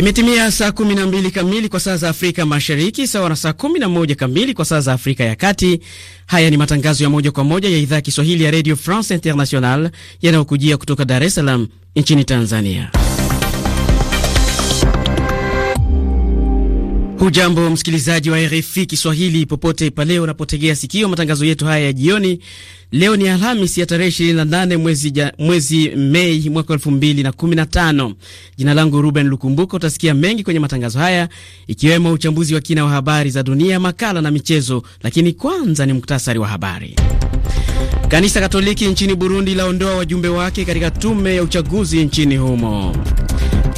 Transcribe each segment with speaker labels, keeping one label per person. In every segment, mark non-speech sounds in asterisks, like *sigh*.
Speaker 1: Imetimia saa na mbili kamili kwa saa za Afrika Mashariki, sawa na saa moja kamili kwa saa za Afrika ya Kati. Haya ni matangazo ya moja kwa moja ya idhaa ya Kiswahili ya Radio France International yanayokujia kutoka Dar es Salaam nchini Tanzania. Hujambo msikilizaji wa RFI Kiswahili popote pale unapotegea sikio matangazo yetu haya ya jioni. Leo ni Alhamis ya tarehe 28 mwezi, ja, mwezi Mei mwaka 2015. Jina langu Ruben Lukumbuko. Utasikia mengi kwenye matangazo haya ikiwemo uchambuzi wa kina wa habari za dunia, makala na michezo, lakini kwanza ni muktasari wa habari. Kanisa Katoliki nchini Burundi laondoa wajumbe wake katika tume ya uchaguzi nchini humo.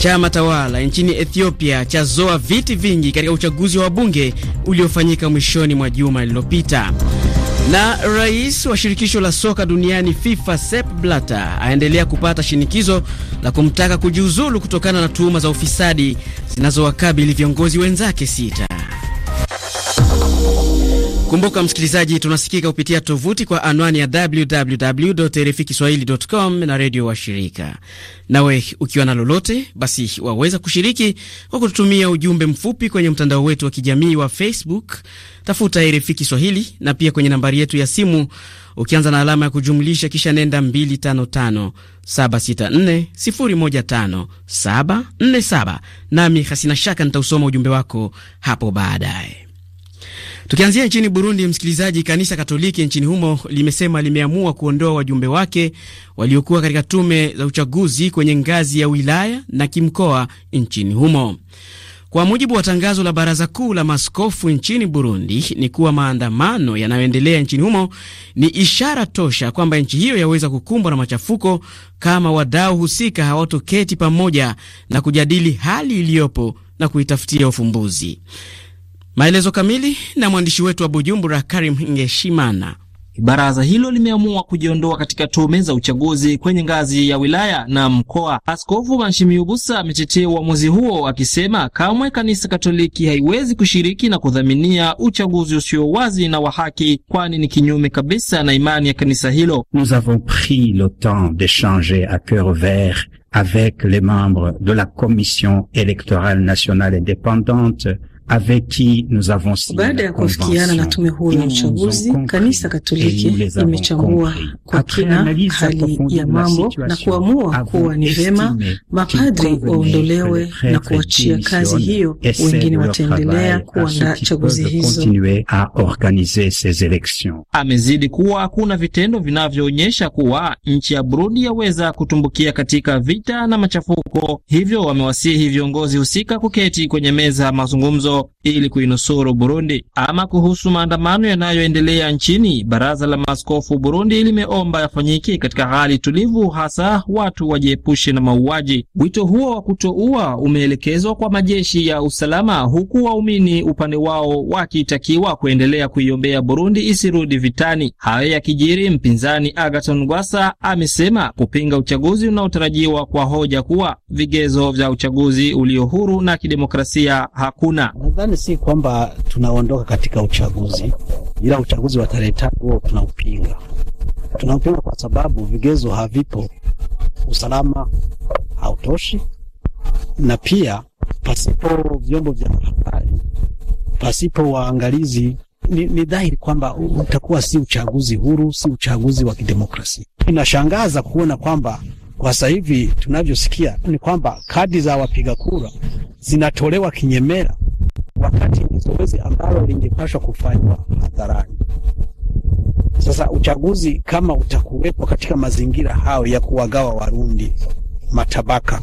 Speaker 1: Chama tawala nchini Ethiopia chazoa viti vingi katika uchaguzi wa bunge uliofanyika mwishoni mwa juma lililopita. Na rais wa shirikisho la soka duniani FIFA Sepp Blatter aendelea kupata shinikizo la kumtaka kujiuzulu kutokana na tuhuma za ufisadi zinazowakabili viongozi wenzake sita. Kumbuka msikilizaji, tunasikika kupitia tovuti kwa anwani ya com na redio wa shirika. Nawe ukiwa na lolote, basi waweza kushiriki kwa kututumia ujumbe mfupi kwenye mtandao wetu wa kijamii wa Facebook, tafuta RFI Kiswahili, na pia kwenye nambari yetu ya simu ukianza na alama ya kujumlisha kisha nenda 255 nami hasina shaka nitausoma ujumbe wako hapo baadaye. Tukianzia nchini Burundi, msikilizaji, kanisa Katoliki nchini humo limesema limeamua kuondoa wajumbe wake waliokuwa katika tume za uchaguzi kwenye ngazi ya wilaya na kimkoa nchini humo. Kwa mujibu wa tangazo la baraza kuu la maskofu nchini Burundi ni kuwa maandamano yanayoendelea nchini humo ni ishara tosha kwamba nchi hiyo yaweza kukumbwa na machafuko kama wadau husika hawatoketi pamoja na kujadili hali iliyopo na kuitafutia ufumbuzi. Maelezo kamili na mwandishi wetu wa Bujumbura, Karim Ngeshimana. Baraza hilo limeamua kujiondoa katika tume za uchaguzi kwenye ngazi
Speaker 2: ya wilaya na mkoa. Askofu Manshimiubusa ametetea uamuzi huo akisema kamwe kanisa Katoliki haiwezi kushiriki na kudhaminia uchaguzi usio wazi na wa haki, kwani ni kinyume kabisa na imani ya kanisa hilo.
Speaker 3: Nous avons pris le temps d'echanger a coeur vert avec les membres de la Commission electorale nationale independante baada ya kufikiana na tume huru ya uchaguzi, Kanisa Katoliki imechambua kwa kina hali ya mambo na kuamua kuwa ni vema mapadri waondolewe na kuachia kazi hiyo, wengine wataendelea kuandaa chaguzi hizo.
Speaker 2: Amezidi kuwa kuna vitendo vinavyoonyesha kuwa nchi ya Burundi yaweza kutumbukia katika vita na machafuko, hivyo wamewasihi viongozi husika kuketi kwenye meza ya mazungumzo ili kuinusuru Burundi. Ama kuhusu maandamano yanayoendelea nchini, baraza la maaskofu Burundi limeomba yafanyike katika hali tulivu, hasa watu wajiepushe na mauaji. Wito huo wa kutoua umeelekezwa kwa majeshi ya usalama, huku waumini upande wao wakitakiwa kuendelea kuiombea Burundi isirudi vitani. Hayo yakijiri, mpinzani agaton gwasa amesema kupinga uchaguzi unaotarajiwa kwa hoja kuwa vigezo vya uchaguzi ulio huru na kidemokrasia hakuna.
Speaker 3: Nadhani si kwamba tunaondoka katika uchaguzi, ila uchaguzi wa tarehe tatu huo tunaupinga. Tunaupinga kwa sababu vigezo havipo, usalama hautoshi, na pia pasipo vyombo vya habari, pasipo waangalizi ni, ni dhahiri kwamba utakuwa si uchaguzi huru, si uchaguzi wa kidemokrasia. Inashangaza kuona kwamba kwa sasa hivi tunavyosikia ni kwamba kadi za wapiga kura zinatolewa kinyemera wakati ni zoezi ambalo lingepaswa kufanywa hadharani. Sasa uchaguzi kama utakuwepo katika mazingira hayo ya kuwagawa Warundi matabaka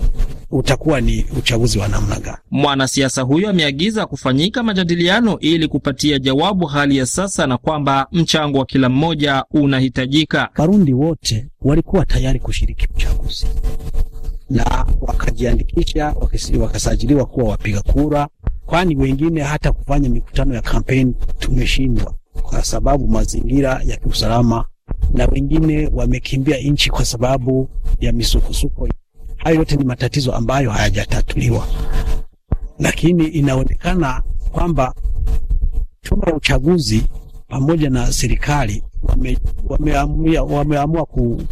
Speaker 3: utakuwa ni uchaguzi wa namna gani?
Speaker 2: Mwanasiasa huyo ameagiza kufanyika majadiliano ili kupatia jawabu hali ya sasa na kwamba mchango wa kila mmoja unahitajika.
Speaker 3: Warundi wote walikuwa tayari kushiriki
Speaker 2: uchaguzi na wakajiandikisha wakasajiliwa kuwa wapiga kura
Speaker 3: kwani wengine hata kufanya mikutano ya kampeni tumeshindwa kwa sababu mazingira ya kiusalama, na wengine wamekimbia nchi kwa sababu ya misukosuko. Hayo yote ni matatizo ambayo hayajatatuliwa, lakini inaonekana kwamba tume ya uchaguzi pamoja na serikali wameamua wame wame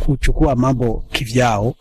Speaker 3: kuchukua mambo kivyao,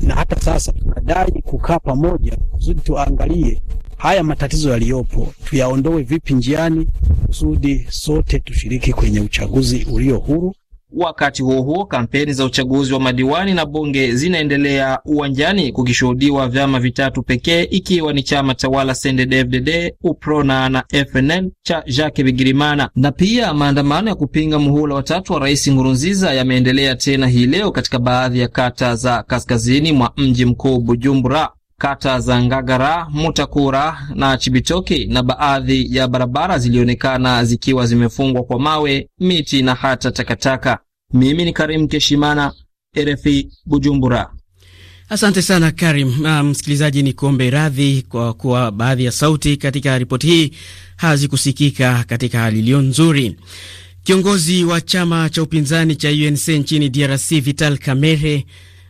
Speaker 3: na hata sasa tunadai kukaa pamoja kusudi tuangalie haya matatizo yaliyopo tuyaondoe vipi njiani, kusudi sote tushiriki kwenye uchaguzi ulio huru.
Speaker 2: Wakati huo huo, kampeni za uchaguzi wa madiwani na bunge zinaendelea uwanjani, kukishuhudiwa vyama vitatu pekee, ikiwa ni chama tawala CNDD-FDD, UPRONA na FNL cha Jacques Bigirimana. Na pia maandamano ya kupinga muhula watatu wa Rais Nkurunziza yameendelea tena hii leo katika baadhi ya kata za kaskazini mwa mji mkuu Bujumbura kata za Ngagara, Mutakura na Chibitoke, na baadhi ya barabara zilionekana zikiwa zimefungwa kwa mawe, miti na hata takataka. Mimi ni Karim Keshimana, RFI Bujumbura.
Speaker 1: Asante sana Karim. Msikilizaji, um, ni kuombe radhi kwa kuwa baadhi ya sauti katika ripoti hii hazikusikika katika hali iliyo nzuri. Kiongozi wa chama cha upinzani cha UNC nchini DRC Vital Kamerhe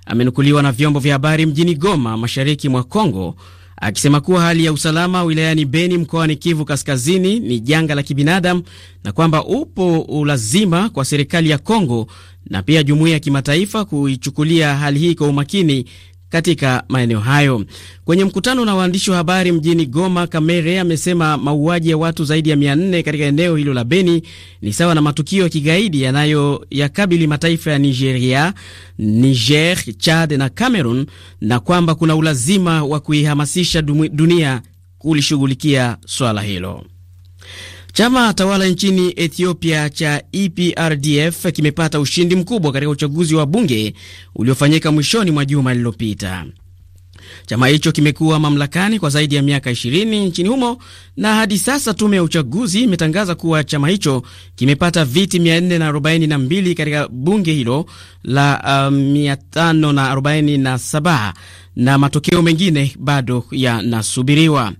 Speaker 1: amenukuliwa na vyombo vya habari mjini Goma, mashariki mwa Kongo, akisema kuwa hali ya usalama wilayani Beni mkoani Kivu Kaskazini ni janga la kibinadamu na kwamba upo ulazima kwa serikali ya Kongo na pia jumuiya ya kimataifa kuichukulia hali hii kwa umakini katika maeneo hayo. Kwenye mkutano na waandishi wa habari mjini Goma, Kamere amesema mauaji ya watu zaidi ya 400 katika eneo hilo la Beni ni sawa na matukio ya kigaidi yanayoyakabili mataifa ya Nigeria, Niger, Chad na Cameroon, na kwamba kuna ulazima wa kuihamasisha dunia kulishughulikia swala hilo. Chama tawala nchini Ethiopia cha EPRDF kimepata ushindi mkubwa katika uchaguzi wa bunge uliofanyika mwishoni mwa juma lililopita. Chama hicho kimekuwa mamlakani kwa zaidi ya miaka 20 nchini humo na hadi sasa tume ya uchaguzi imetangaza kuwa chama hicho kimepata viti 442 katika bunge hilo la uh, um, 547 na, na matokeo mengine bado yanasubiriwa.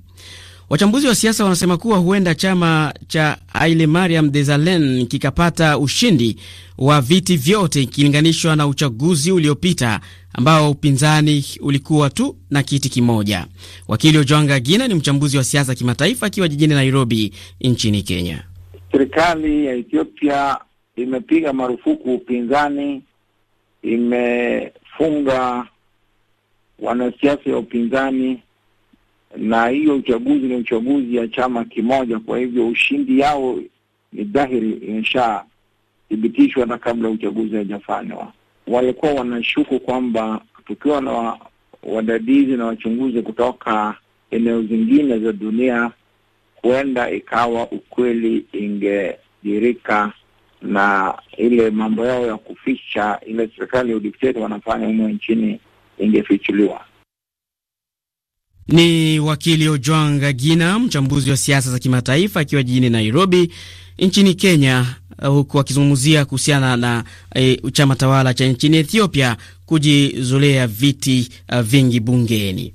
Speaker 1: Wachambuzi wa siasa wanasema kuwa huenda chama cha Aile Mariam Desalegn kikapata ushindi wa viti vyote ikilinganishwa na uchaguzi uliopita ambao upinzani ulikuwa tu na kiti kimoja. Wakili Ojwanga Gina ni mchambuzi wa siasa kimataifa akiwa jijini Nairobi nchini Kenya.
Speaker 4: Serikali ya Ethiopia imepiga marufuku upinzani, imefunga wanasiasa ya upinzani na hiyo uchaguzi ni uchaguzi ya chama kimoja. Kwa hivyo ushindi yao ni dhahiri, imeshathibitishwa na kabla uchaguzi haijafanywa Walikuwa wanashuku kwamba tukiwa na wadadizi na wachunguzi kutoka eneo zingine za dunia, huenda ikawa ukweli ingedirika na ile mambo yao ya kuficha ile serikali ya udikteta wanafanya humo nchini ingefichuliwa.
Speaker 1: Ni wakili Ojwang Gina, mchambuzi wa siasa za kimataifa, akiwa jijini Nairobi nchini Kenya, uh, huku akizungumzia kuhusiana na e, chama tawala cha nchini Ethiopia kujizolea viti uh, vingi bungeni.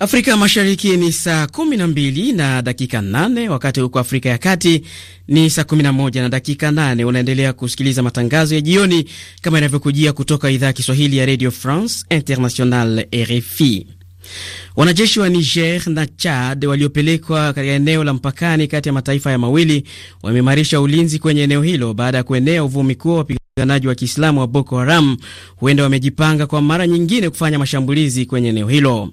Speaker 1: Afrika Mashariki ni saa 12 na dakika 8, wakati huko Afrika ya Kati ni saa 11 na dakika 8. Unaendelea kusikiliza matangazo ya jioni kama inavyokujia kutoka idhaa ya Kiswahili ya Radio France International, RFI. Wanajeshi wa Niger na Chad waliopelekwa katika eneo la mpakani kati ya mataifa ya mawili wameimarisha ulinzi kwenye eneo hilo baada ya kuenea uvumi kuwa Wapiganaji wa Kiislamu wa Boko Haram huenda wamejipanga kwa mara nyingine kufanya mashambulizi kwenye eneo hilo.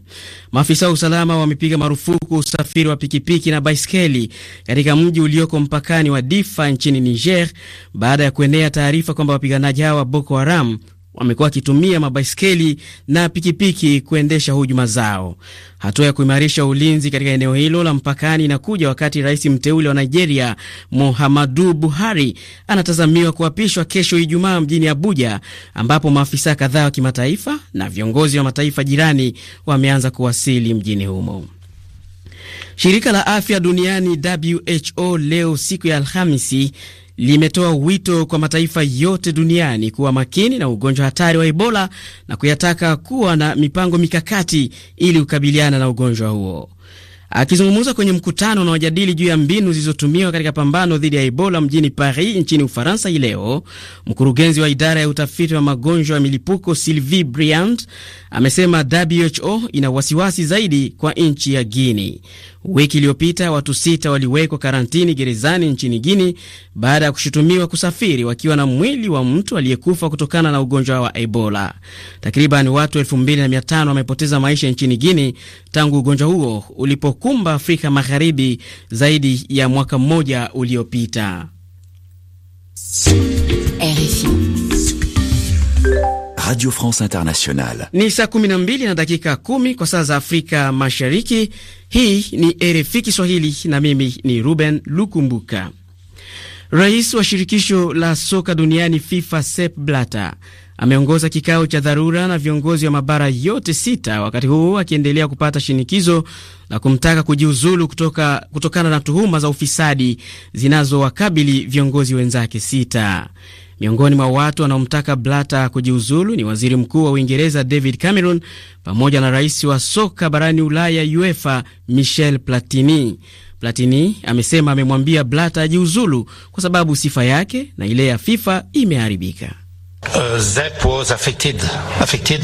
Speaker 1: Maafisa wa usalama wamepiga marufuku usafiri wa pikipiki na baiskeli katika mji ulioko mpakani wa Difa nchini Niger baada ya kuenea taarifa kwamba wapiganaji hao wa Boko Haram wamekuwa wakitumia mabaiskeli na pikipiki kuendesha hujuma zao. Hatua ya kuimarisha ulinzi katika eneo hilo la mpakani inakuja wakati rais mteule wa Nigeria Muhammadu Buhari anatazamiwa kuapishwa kesho Ijumaa mjini Abuja, ambapo maafisa kadhaa wa kimataifa na viongozi wa mataifa jirani wameanza kuwasili mjini humo. Shirika la afya duniani WHO leo siku ya Alhamisi limetoa wito kwa mataifa yote duniani kuwa makini na ugonjwa hatari wa Ebola na kuyataka kuwa na mipango mikakati ili kukabiliana na ugonjwa huo. Akizungumza kwenye mkutano unaojadili juu ya mbinu zilizotumiwa katika pambano dhidi ya Ebola mjini Paris nchini Ufaransa hii leo, mkurugenzi wa idara ya utafiti wa magonjwa ya milipuko Sylvie Briand amesema WHO ina wasiwasi zaidi kwa nchi ya Guini. Wiki iliyopita watu sita waliwekwa karantini gerezani nchini Guini baada ya kushutumiwa kusafiri wakiwa na mwili wa mtu aliyekufa kutokana na ugonjwa wa Ebola. Takriban watu 2500 wamepoteza maisha nchini Guini tangu ugonjwa huo ulipo uliokumba Afrika Magharibi zaidi ya mwaka mmoja uliopita. Radio France
Speaker 5: Internationale.
Speaker 1: Ni saa 12 na dakika 10 kwa saa za Afrika Mashariki. Hii ni RFI Kiswahili na mimi ni Ruben Lukumbuka. Rais wa shirikisho la soka duniani FIFA Sepp Blatter ameongoza kikao cha dharura na viongozi wa mabara yote sita, wakati huu akiendelea kupata shinikizo la kumtaka kujiuzulu kutoka, kutokana na tuhuma za ufisadi zinazowakabili viongozi wenzake sita. Miongoni mwa watu wanaomtaka Blata kujiuzulu ni waziri mkuu wa Uingereza David Cameron pamoja na rais wa soka barani Ulaya UEFA Michel Platini. Platini amesema amemwambia Blata ajiuzulu kwa sababu sifa yake na ile ya FIFA imeharibika
Speaker 6: uh, ZEP was affected,
Speaker 7: affected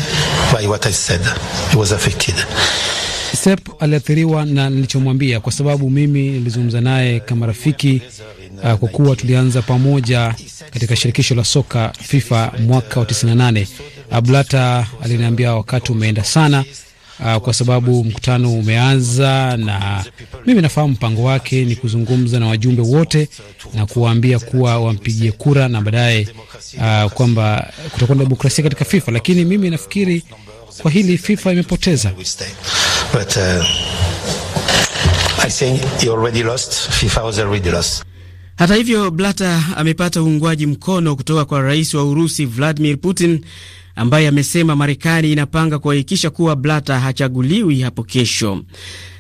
Speaker 7: by what I said. He was affected.
Speaker 1: Sep aliathiriwa na
Speaker 8: nilichomwambia, kwa sababu mimi nilizungumza naye kama rafiki uh, kwa kuwa tulianza pamoja katika shirikisho la soka FIFA mwaka wa 98. Ablata aliniambia wakati umeenda sana uh, kwa sababu mkutano umeanza, na mimi nafahamu mpango wake ni kuzungumza na wajumbe wote na kuwaambia kuwa wampigie kura na baadaye uh, kwamba kutakuwa na demokrasia katika FIFA, lakini mimi nafikiri kwa hili FIFA imepoteza.
Speaker 3: But, uh, I think you already lost. FIFA was already lost.
Speaker 1: Hata hivyo Blata amepata uungwaji mkono kutoka kwa rais wa Urusi Vladimir Putin ambaye amesema Marekani inapanga kuhakikisha kuwa Blata hachaguliwi hapo kesho.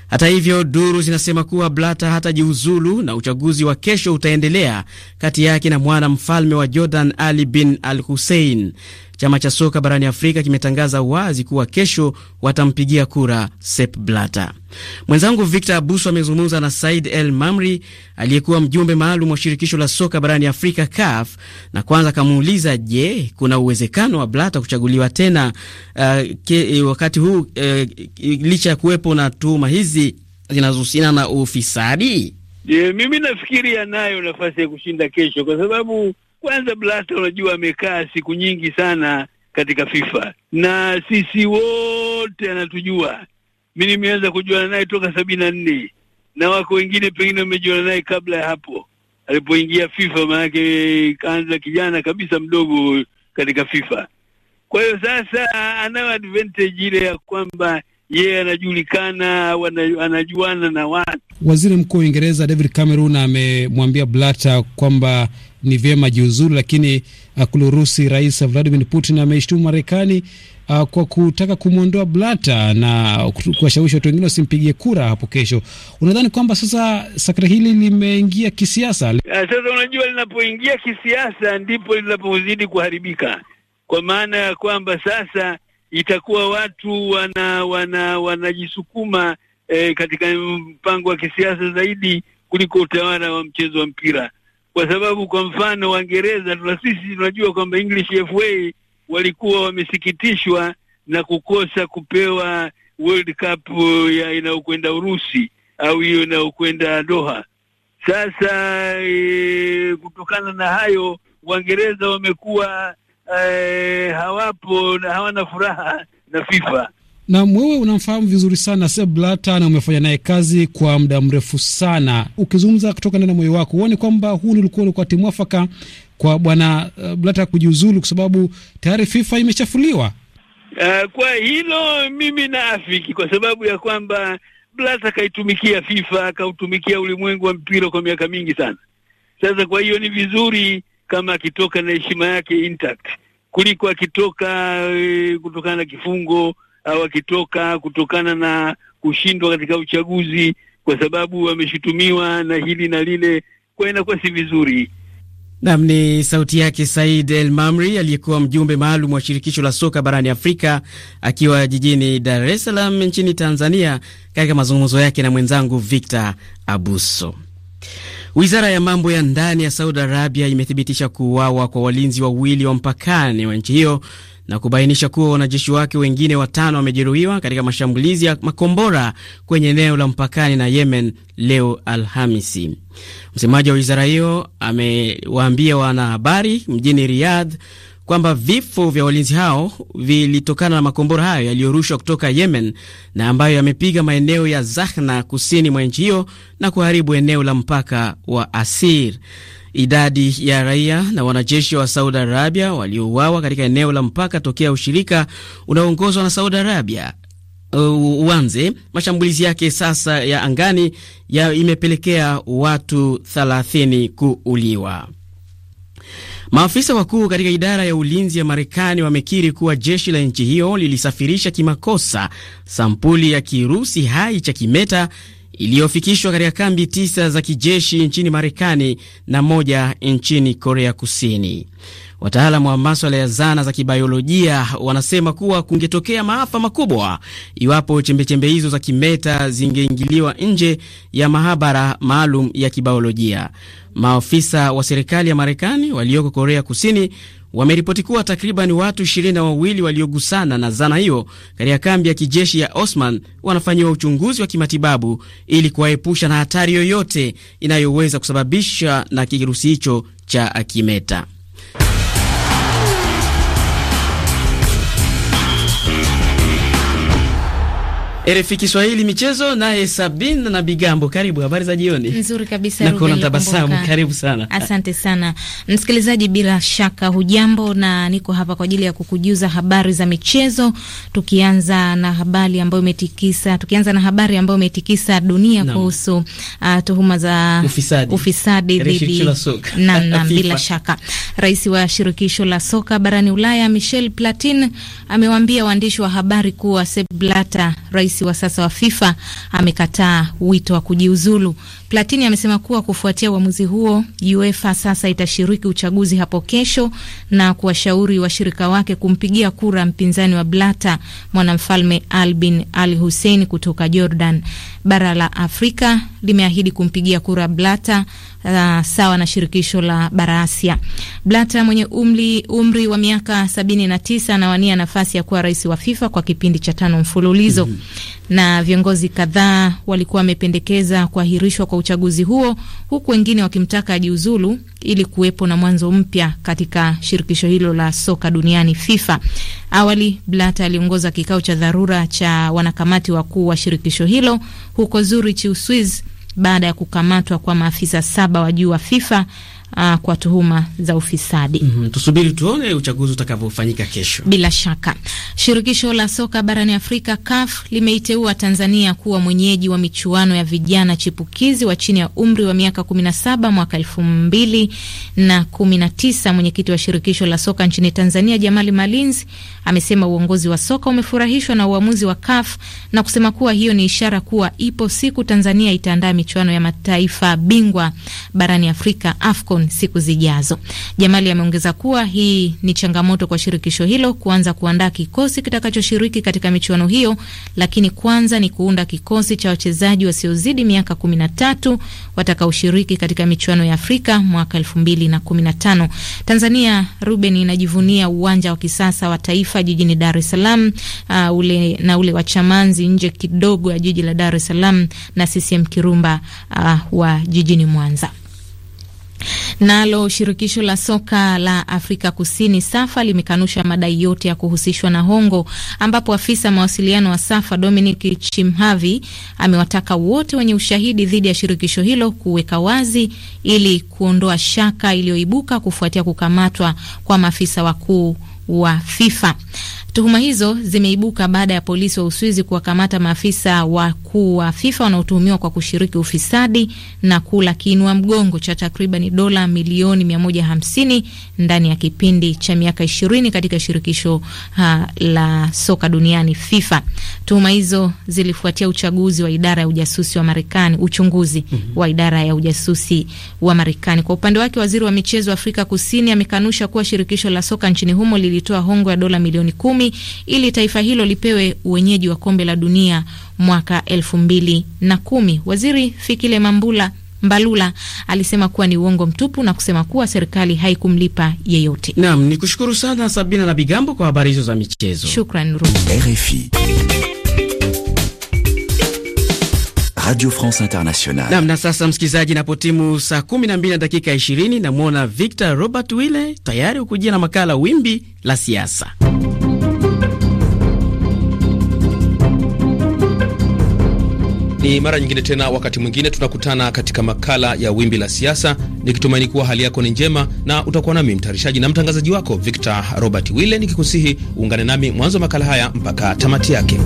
Speaker 1: Hata hivyo, duru zinasema kuwa Blata hatajiuzulu na uchaguzi wa kesho utaendelea kati yake na mwana mfalme wa Jordan Ali bin al Hussein. Chama cha soka barani Afrika kimetangaza wazi kuwa kesho watampigia kura Sepp Blatter. Mwenzangu Victor Abuso amezungumza na Said El Mamri aliyekuwa mjumbe maalum wa shirikisho la soka barani Afrika CAF, na kwanza akamuuliza, je, kuna uwezekano wa Blatter kuchaguliwa tena uh, ke, e, wakati huu uh, licha ya kuwepo na tuhuma hizi zinazohusiana na ufisadi?
Speaker 9: Je, mimi nafikiri anayo nafasi ya kushinda kesho kwa sababu kwanza Blatter, unajua amekaa siku nyingi sana katika FIFA na sisi wote anatujua. Mi nimeanza kujuana naye toka sabini na nne na wako wengine pengine wamejuana naye kabla ya hapo alipoingia FIFA, maanake kaanza kijana kabisa mdogo katika FIFA. Kwa hiyo sasa anayo advantage ile ya kwamba yeye yeah, anajulikana anajuana na watu.
Speaker 8: Waziri Mkuu wa Uingereza David Cameron amemwambia Blatter kwamba ni vyema jiuzuru, lakini uh, kule Urusi Rais Vladimir Putin ameishtumu Marekani uh, kwa kutaka kumwondoa Blata na kuwashawishi watu wengine wasimpigie kura hapo kesho. Unadhani kwamba sasa sakata hili limeingia kisiasa? Eh,
Speaker 9: sasa unajua, linapoingia kisiasa ndipo linapozidi kuharibika, kwa maana ya kwamba sasa itakuwa watu wana wana wanajisukuma eh, katika mpango wa kisiasa zaidi kuliko utawala wa mchezo wa mpira kwa sababu kwa mfano Waingereza na sisi tunajua kwamba English FA walikuwa wamesikitishwa na kukosa kupewa World Cup uh, ya inayokwenda Urusi au hiyo inayokwenda Doha. Sasa e, kutokana na hayo Waingereza wamekuwa e, hawapo na hawana furaha na FIFA
Speaker 8: na wewe unamfahamu vizuri sana Sepp Blatter na umefanya naye kazi kwa muda mrefu sana. Ukizungumza kutoka ndani ya moyo wako, uone kwamba huu ulikuwa ulikuwa timu mwafaka kwa bwana eh, Blatter kujiuzulu, kwa sababu tayari FIFA imechafuliwa.
Speaker 9: Uh, kwa hilo mimi naafiki kwa sababu ya kwamba Blatter akaitumikia FIFA, akautumikia ulimwengu wa mpira kwa miaka mingi sana. Sasa kwa hiyo ni vizuri kama akitoka na heshima yake intact kuliko akitoka e, kutokana na kifungo wakitoka kutokana na kushindwa katika uchaguzi, kwa sababu wameshutumiwa na hili na lile, kwa inakuwa si vizuri.
Speaker 1: Nam ni sauti yake Said El Mamri, aliyekuwa mjumbe maalum wa shirikisho la soka barani Afrika, akiwa jijini Dar es Salaam nchini Tanzania, katika mazungumzo yake na mwenzangu Victor Abuso. Wizara ya mambo ya ndani ya Saudi Arabia imethibitisha kuuawa kwa walinzi wawili wa mpakani wa nchi hiyo na kubainisha kuwa wanajeshi wake wengine watano wamejeruhiwa katika mashambulizi ya makombora kwenye eneo la mpakani na Yemen leo Alhamisi. Msemaji wa wizara hiyo amewaambia wanahabari mjini Riyadh kwamba vifo vya walinzi hao vilitokana na makombora hayo yaliyorushwa kutoka Yemen na ambayo yamepiga maeneo ya Zahna kusini mwa nchi hiyo na kuharibu eneo la mpaka wa Asir. Idadi ya raia na wanajeshi wa Saudi Arabia waliouawa katika eneo la mpaka tokea ushirika unaoongozwa na Saudi Arabia uh, uanze mashambulizi yake sasa ya angani ya imepelekea watu 30 kuuliwa. Maafisa wakuu katika idara ya ulinzi ya Marekani wamekiri kuwa jeshi la nchi hiyo lilisafirisha kimakosa sampuli ya kirusi hai cha kimeta iliyofikishwa katika kambi tisa za kijeshi nchini Marekani na moja nchini Korea Kusini. Wataalamu wa maswala ya zana za kibaiolojia wanasema kuwa kungetokea maafa makubwa iwapo chembechembe hizo za kimeta zingeingiliwa nje ya maabara maalum ya kibaiolojia maofisa wa serikali ya Marekani walioko Korea Kusini wameripoti kuwa takriban watu ishirini na wawili waliogusana na zana hiyo katika kambi ya kijeshi ya Osman wanafanyiwa uchunguzi wa kimatibabu ili kuwaepusha na hatari yoyote inayoweza kusababishwa na kirusi hicho cha akimeta. RFI Kiswahili michezo, naye Sabina na Bigambo, karibu. Habari za jioni? Nzuri
Speaker 10: kabisa, na kuna tabasamu. Karibu sana, asante sana msikilizaji. Bila shaka hujambo, na niko hapa kwa ajili ya kukujuza habari za michezo, tukianza na habari ambayo imetikisa, tukianza na habari ambayo imetikisa dunia kuhusu uh, tuhuma za ufisadi, ufisadi dhidi na, na bila shaka rais wa shirikisho la soka barani Ulaya Michel Platin amewaambia waandishi wa habari kuwa Sepp Blatter rais rais wa sasa wa FIFA amekataa wito wa kujiuzulu. Platini amesema kuwa kufuatia uamuzi huo, UEFA sasa itashiriki uchaguzi hapo kesho na kuwashauri washirika wake kumpigia kura mpinzani wa Blata, mwanamfalme Albin Al Hussein kutoka Jordan. Bara la Afrika limeahidi kumpigia kura Blata uh, sawa na shirikisho la bara Asia. Blata mwenye umri, umri wa miaka 79 anawania nafasi ya kuwa rais wa FIFA kwa kipindi cha tano mfululizo. mm -hmm na viongozi kadhaa walikuwa wamependekeza kuahirishwa kwa uchaguzi huo, huku wengine wakimtaka ajiuzulu ili kuwepo na mwanzo mpya katika shirikisho hilo la soka duniani FIFA. Awali Blata aliongoza kikao cha dharura cha wanakamati wakuu wa shirikisho hilo huko Zurich, Uswiz baada ya kukamatwa kwa maafisa saba wa juu wa FIFA uh, kwa tuhuma za ufisadi. Mm -hmm.
Speaker 1: Tusubiri tuone uchaguzi utakavyofanyika kesho.
Speaker 10: Bila shaka, shirikisho la soka barani Afrika CAF limeiteua Tanzania kuwa mwenyeji wa michuano ya vijana chipukizi wa chini ya umri wa miaka 17 mwaka 2019. Mwenyekiti wa shirikisho la soka nchini Tanzania Jamali Malinzi amesema uongozi wa soka umefurahishwa na uamuzi wa CAF na kusema kuwa hiyo ni ishara kuwa ipo siku Tanzania itaandaa michuano ya mataifa bingwa barani Afrika AFCON Cameroon siku zijazo. Jamali ameongeza kuwa hii ni changamoto kwa shirikisho hilo kuanza kuandaa kikosi kitakachoshiriki katika michuano hiyo, lakini kwanza ni kuunda kikosi cha wachezaji wasiozidi miaka kumi na tatu watakaoshiriki katika michuano ya Afrika mwaka elfu mbili na na kumi tano. Tanzania, Ruben, inajivunia uwanja wa kisasa wa Taifa jijini Dar es Salaam, uh, ule na ule wa Chamanzi nje kidogo ya jiji la Dar es Salaam na CCM Kirumba uh, wa jijini Mwanza. Nalo shirikisho la soka la Afrika Kusini SAFA limekanusha madai yote ya kuhusishwa na hongo, ambapo afisa mawasiliano wa SAFA Dominic Chimhavi amewataka wote wenye ushahidi dhidi ya shirikisho hilo kuweka wazi ili kuondoa shaka iliyoibuka kufuatia kukamatwa kwa maafisa wakuu wa FIFA. Tuhuma hizo zimeibuka baada ya polisi wa Uswizi kuwakamata maafisa wakuu wa FIFA wanaotuhumiwa kwa kushiriki ufisadi na kula kiinua mgongo cha takribani dola milioni 150 ndani ya kipindi cha miaka 20 katika shirikisho ha, la soka duniani FIFA. Tuhuma hizo zilifuatia uchaguzi wa idara ya ujasusi wa Marekani, uchunguzi mm -hmm. wa idara ya ujasusi wa Marekani. Kwa upande wake, waziri wa michezo wa Afrika Kusini amekanusha kuwa shirikisho la soka nchini humo lilitoa hongo ya dola milioni kumi kumi ili taifa hilo lipewe uwenyeji wa kombe la dunia mwaka elfu mbili na kumi. Waziri Fikile Mambula Mbalula alisema kuwa ni uongo mtupu na kusema kuwa serikali haikumlipa yeyote.
Speaker 1: Naam, ni kushukuru sana Sabina na Bigambo kwa habari hizo za michezo. Shukran RFI. Radio
Speaker 5: France Naam,
Speaker 1: na sasa msikilizaji, napotimu saa 12 na dakika 20, namwona Victor Robert Wille tayari hukujia na makala wimbi la siasa. Ni mara nyingine tena,
Speaker 7: wakati mwingine tunakutana katika makala ya Wimbi la Siasa, nikitumaini kuwa hali yako ni njema na utakuwa nami mtayarishaji na mtangazaji wako Victor Robert Wille, nikikusihi uungane nami mwanzo wa makala haya mpaka tamati yake.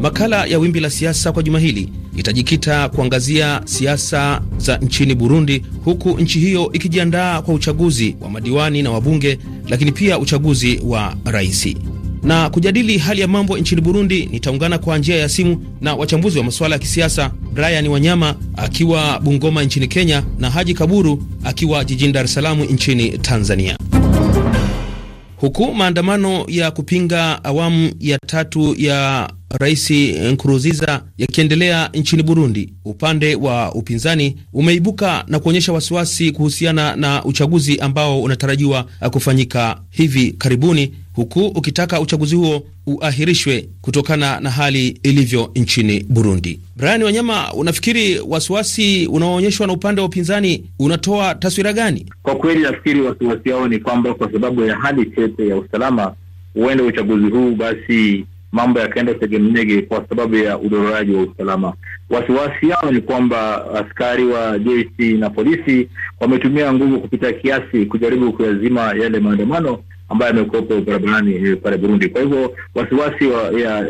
Speaker 7: Makala ya Wimbi la Siasa kwa juma hili itajikita kuangazia siasa za nchini Burundi, huku nchi hiyo ikijiandaa kwa uchaguzi wa madiwani na wabunge, lakini pia uchaguzi wa raisi na kujadili hali ya mambo nchini Burundi, nitaungana kwa njia ya simu na wachambuzi wa masuala ya kisiasa, Brian Wanyama akiwa Bungoma nchini Kenya na Haji Kaburu akiwa jijini Dar es Salaam nchini Tanzania. Huku maandamano ya kupinga awamu ya tatu ya Rais Nkurunziza yakiendelea nchini Burundi, upande wa upinzani umeibuka na kuonyesha wasiwasi kuhusiana na uchaguzi ambao unatarajiwa kufanyika hivi karibuni huku ukitaka uchaguzi huo uahirishwe kutokana na hali ilivyo nchini Burundi. Brian Wanyama, unafikiri wasiwasi unaoonyeshwa na upande wa upinzani unatoa taswira
Speaker 11: gani? Kwa kweli, nafikiri wasiwasi hao ni kwamba kwa sababu ya hali tete ya usalama, huenda uchaguzi huu basi mambo yakaenda segemnege kwa sababu ya udororaji wa usalama. Wasiwasi yao ni kwamba askari wa jeshi na polisi wametumia nguvu kupita kiasi kujaribu kuyazima yale maandamano ambayo yamekuwepo barabarani eh, pale Burundi. Kwa hivyo wasiwasi wa ya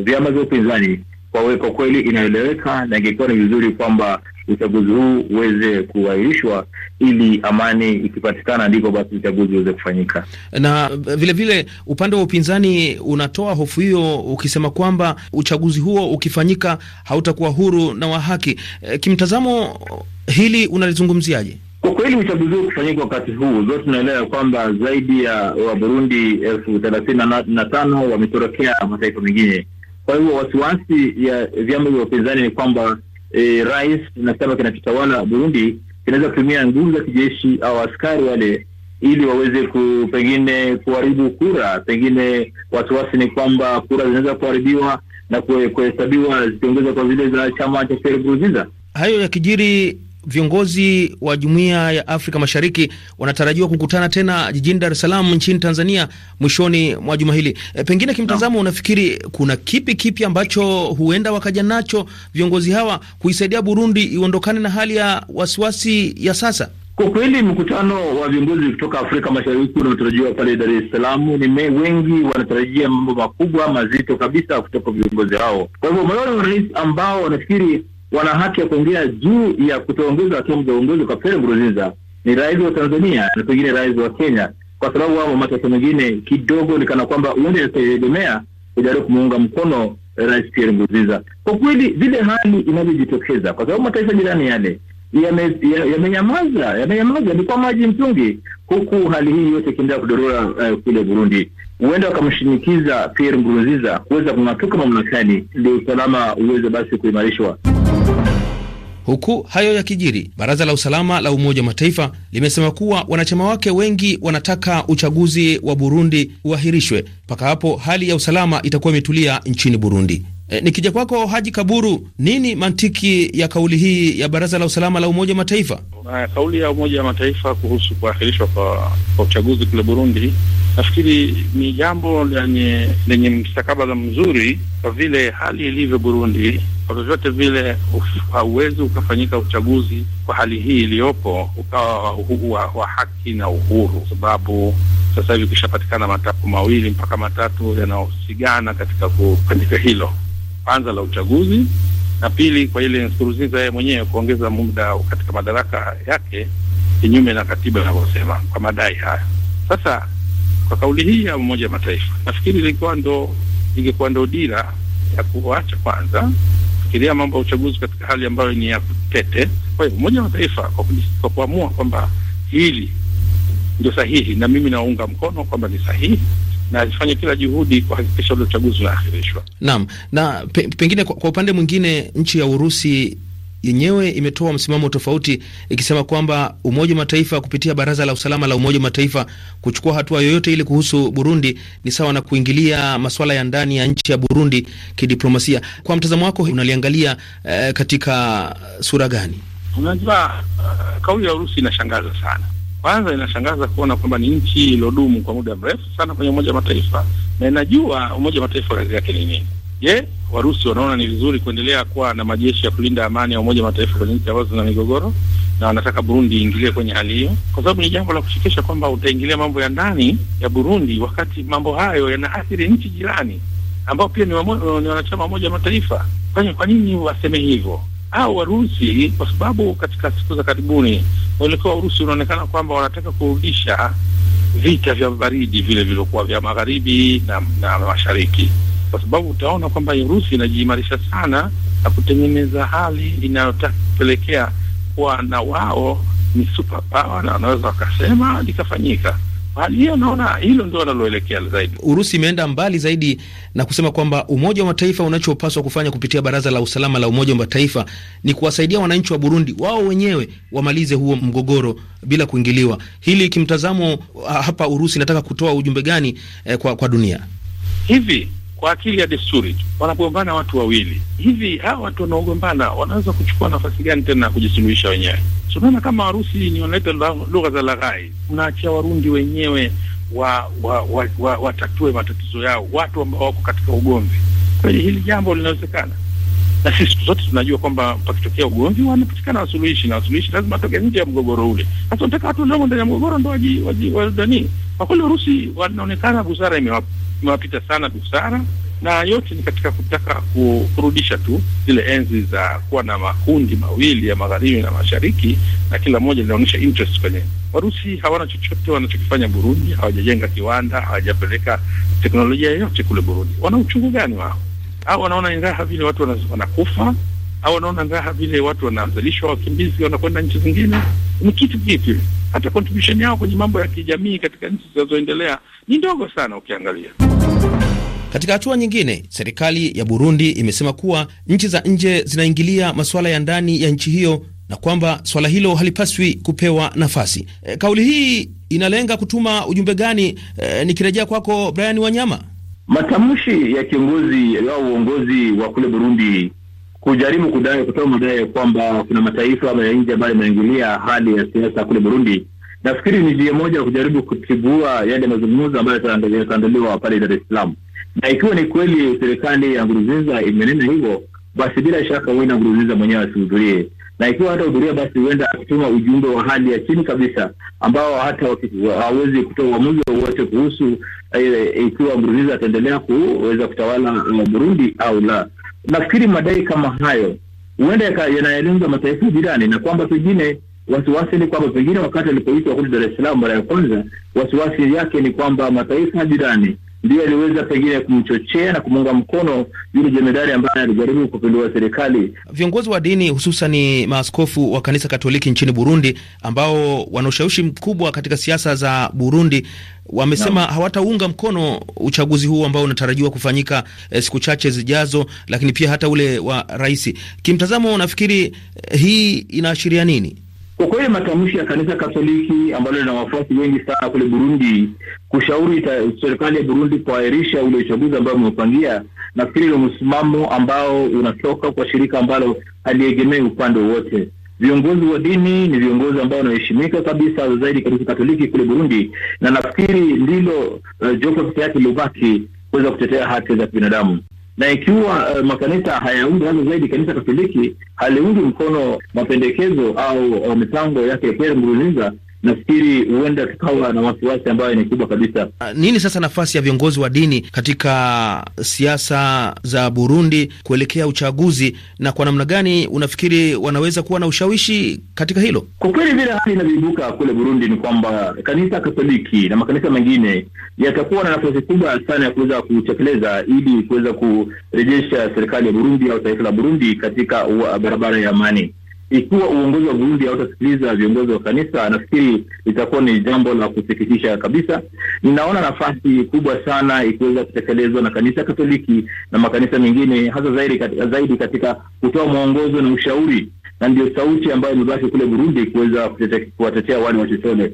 Speaker 11: vyama vya upinzani kwa, kwa kweli inaeleweka, na ingekuwa ni vizuri kwamba uchaguzi huu uweze kuahirishwa ili amani ikipatikana, ndipo basi uchaguzi uweze kufanyika. Na vilevile eh, vile, upande
Speaker 7: wa upinzani unatoa hofu hiyo ukisema kwamba uchaguzi huo ukifanyika hautakuwa huru na wa haki. Eh, kimtazamo hili unalizungumziaje?
Speaker 11: Kwa kweli uchaguzi huu kufanyika wakati huu, zote tunaelewa kwamba zaidi ya Waburundi elfu thelathini na tano wametorokea mataifa mengine. Kwa hivyo wasiwasi ya vyama vya upinzani ni kwamba e, rais na chama kinachotawala Burundi kinaweza kutumia nguvu za kijeshi au askari wale ili waweze ku, pengine kuharibu kura. Pengine wasiwasi ni kwamba kura zinaweza kuharibiwa na kuhesabiwa zikiongeza kwa zile za chama cha Pierre Nkurunziza.
Speaker 7: Hayo kijiri viongozi wa Jumuiya ya Afrika Mashariki wanatarajiwa kukutana tena jijini Dar es Salaam nchini Tanzania mwishoni mwa juma hili. E, pengine kimtazamo, unafikiri kuna kipi kipi ambacho huenda wakaja nacho viongozi hawa kuisaidia Burundi iondokane na hali ya wasiwasi ya sasa? Kwa
Speaker 11: kweli mkutano wa viongozi kutoka Afrika Mashariki unaotarajiwa pale Dar es Salaam, ni wengi wanatarajia mambo makubwa mazito kabisa kutoka viongozi hao. Kwa hivyo maoni rais ambao wanafikiri wana haki ya kuongea juu ya kutoongezwa hatamu za uongozi kwa Pierre Nkurunziza. Ni rais wa Tanzania na pengine rais wa Kenya, kwa sababu wao mataifa mengine kidogo ni kana kwamba huenda yataegemea kujaribu kumuunga mkono rais Pierre Nkurunziza. Kwa kweli vile hali inavyojitokeza, kwa sababu mataifa jirani yale yamenyamaza, ya yamenyamaza ni kwa maji mtungi, huku hali hii yote ikiendelea kudorora uh, kule Burundi huenda wakamshinikiza Pierre Nkurunziza kuweza kung'atuka mamlakani, ndio usalama uweze basi kuimarishwa.
Speaker 7: Huku hayo yakijiri, baraza la usalama la Umoja wa Mataifa limesema kuwa wanachama wake wengi wanataka uchaguzi wa Burundi uahirishwe mpaka hapo hali ya usalama itakuwa imetulia nchini Burundi. E, nikija kwako Haji Kaburu, nini mantiki ya kauli hii ya baraza la usalama la Umoja wa Mataifa?
Speaker 12: Eh, kauli ya Umoja wa Mataifa kuhusu kuahirishwa kwa, kwa uchaguzi kule Burundi Nafikiri ni jambo lenye lenye mstakabala mzuri kwa vile hali ilivyo Burundi, kwa vyovyote vile hauwezi ukafanyika uchaguzi kwa hali hii iliyopo ukawa wa haki na uhuru, kwa sababu sasa hivi kishapatikana matakwa mawili mpaka matatu yanayosigana katika kufanyika hilo, kwanza la uchaguzi na pili kwa ile Nkurunziza yeye mwenyewe kuongeza muda katika madaraka yake kinyume na katiba inavyosema kwa madai haya sasa kwa kauli hii ya Umoja wa Mataifa, nafikiri ilikuwa ndo ingekuwa ndo dira ya kuacha kwanza fikiria mambo ya uchaguzi katika hali ambayo ni ya tete. Kwa hiyo Umoja wa Mataifa kwa kuamua kwamba hili ndio sahihi, na mimi naunga mkono kwamba ni sahihi na zifanye kila juhudi kuhakikisha ule uchaguzi unaahirishwa.
Speaker 7: Naam, na pe, pengine kwa, kwa upande mwingine nchi ya Urusi yenyewe imetoa msimamo tofauti ikisema kwamba Umoja wa Mataifa kupitia Baraza la Usalama la Umoja wa Mataifa kuchukua hatua yoyote ile kuhusu Burundi ni sawa na kuingilia masuala ya ndani ya nchi ya Burundi kidiplomasia. Kwa mtazamo wako unaliangalia eh, katika sura gani?
Speaker 12: Unajua, eh, kauli ya Urusi inashangaza sana. Kwanza inashangaza kuona kwamba ni nchi iliodumu kwa muda mrefu sana kwenye Umoja wa Mataifa na inajua Umoja wa Mataifa kazi yake ni nini Je, Warusi wanaona ni vizuri kuendelea kuwa na majeshi ya kulinda amani ya Umoja wa Mataifa kwenye nchi ambazo zina migogoro na wanataka Burundi iingilie kwenye hali hiyo? Kwa sababu ni jambo la kushikisha kwamba utaingilia mambo ya ndani ya Burundi wakati mambo hayo yanaathiri nchi jirani ambao pia ni, wamo, ni wanachama wa Umoja wa Mataifa. Kwa nini waseme hivyo? Au Warusi kwa sababu katika siku za karibuni mwelekeo wa Urusi unaonekana kwamba wanataka kurudisha vita vya baridi vile vilivyokuwa vya magharibi na, na mashariki kwa sababu utaona kwamba Urusi inajiimarisha sana na kutengeneza hali inayotapelekea kuwa na wao ni super power na wanaweza wakasema likafanyika. Hali hiyo naona hilo ndio wanaloelekea zaidi. Urusi
Speaker 7: imeenda mbali zaidi na kusema kwamba Umoja wa Mataifa unachopaswa kufanya kupitia Baraza la Usalama la Umoja wa Mataifa ni kuwasaidia wananchi wa Burundi wao wenyewe wamalize huo mgogoro bila kuingiliwa. Hili kimtazamo ah, hapa Urusi inataka kutoa ujumbe gani eh, kwa, kwa dunia
Speaker 12: hivi kwa akili ya desturi tu, wanapogombana watu wawili hivi, hawa watu wanaogombana wanaweza kuchukua nafasi gani tena ya kujisuluhisha wenyewe? Tunaona kama Warusi ni wanaleta lugha za laghai, mnaachia Warundi wenyewe wa, wa, wa, wa watatue matatizo yao, watu ambao wako katika ugomvi. Kweli hili jambo linawezekana, na sisi zote tunajua kwamba pakitokea ugomvi wanapatikana wasuluhishi, na wasuluhishi lazima watoke nje ya mgogoro ule. Sasa watu waliomo ndani ya mgogoro ndo waji, waji, waji, kwa kweli Warusi wanaonekana busara imewapa imewapita sana busara, na yote ni katika kutaka kurudisha tu zile enzi za kuwa na makundi mawili ya magharibi na mashariki, na kila moja linaonyesha interest kwenye. Warusi hawana chochote wanachokifanya Burundi, hawajajenga kiwanda, hawajapeleka teknolojia yoyote kule Burundi. Wana uchungu gani wao? Au wanaona ingawa vile watu wanakufa au wanaona ngaha vile watu wanazalishwa wakimbizi wanakwenda nchi zingine. Ni kitu kipi? Hata contribution yao kwenye mambo ya kijamii katika nchi zinazoendelea ni ndogo sana ukiangalia. Katika hatua nyingine,
Speaker 7: serikali ya Burundi imesema kuwa nchi za nje zinaingilia masuala ya ndani ya nchi hiyo na kwamba swala hilo halipaswi kupewa nafasi. E, kauli hii inalenga kutuma ujumbe gani? E, nikirejea kwako Brian Wanyama,
Speaker 11: matamshi ya kiongozi wa uongozi wa kule Burundi kujaribu kudai kutoa madai kwamba kuna mataifa ya nje ambayo yameingilia hali ya siasa kule Burundi. Nafikiri ni njia moja ya kujaribu kutibua yale mazungumzo ambayo yataandaliwa pale Dar es Salaam, na ikiwa ni kweli serikali ya Nkurunziza imenena hivyo, basi bila shaka huenda Nkurunziza mwenyewe asihudhurie, na ikiwa hatahudhuria, basi huenda akituma ujumbe wa hali ya chini kabisa ambao hata hawezi kutoa uamuzi wowote kuhusu eh, ikiwa Nkurunziza ataendelea kuweza kutawala eh, Burundi au la nafikiri madai kama hayo huenda yanayalenga mataifa jirani, na kwamba pengine wasiwasi ni kwamba pengine wakati alipoitwa huko Dar es Salaam mara ya kwanza, wasiwasi yake ni kwamba mataifa jirani ndiyo aliweza pengine kumchochea na kumunga mkono yule jemedari ambaye alijaribu kupindua serikali.
Speaker 7: Viongozi wa dini hususani maaskofu wa kanisa Katoliki nchini Burundi ambao wana ushawishi mkubwa katika siasa za Burundi wamesema no. hawataunga mkono uchaguzi huu ambao unatarajiwa kufanyika eh, siku chache zijazo, lakini pia hata ule wa rais.
Speaker 11: Kimtazamo, unafikiri eh, hii inaashiria nini? Kwa kweli matamshi ya kanisa Katoliki ambalo lina wafuasi wengi sana kule Burundi kushauri serikali ya Burundi kuahirisha ule uchaguzi ambao umepangia. Nafikiri ni msimamo ambao unatoka kwa shirika ambalo haliegemei upande wowote. Viongozi wa dini ni viongozi ambao wanaheshimika kabisa zaidi katika Katoliki kule Burundi, na nafikiri ndilo uh, jopo peke yake lilobaki kuweza kutetea haki za kibinadamu na ikiwa uh, makanisa hayaungi hasa zaidi kanisa Katoliki haliungi mkono mapendekezo au, uh, mipango yake ya Pierre Nkurunziza, nafikiri huenda tukawa na wasiwasi ambayo ni kubwa kabisa.
Speaker 7: Ah, nini sasa nafasi ya viongozi wa dini katika siasa za Burundi kuelekea uchaguzi, na kwa namna gani unafikiri wanaweza kuwa na ushawishi katika hilo?
Speaker 11: Kwa kweli vile hali inavyoibuka kule Burundi ni kwamba kanisa Katoliki na makanisa mengine yatakuwa na nafasi kubwa sana ya kuweza kutekeleza ili kuweza kurejesha serikali ya Burundi au taifa la Burundi katika barabara ya amani ikiwa uongozi wa Burundi hautasikiliza viongozi wa kanisa, nafikiri itakuwa ni jambo la kusikitisha kabisa. Ninaona nafasi kubwa sana ikiweza kutekelezwa na kanisa Katoliki na makanisa mengine, hasa zaidi katika, zaidi katika kutoa mwongozo na ushauri, na ndio sauti ambayo imebaki kule Burundi kuweza kuwatetea wale wachochole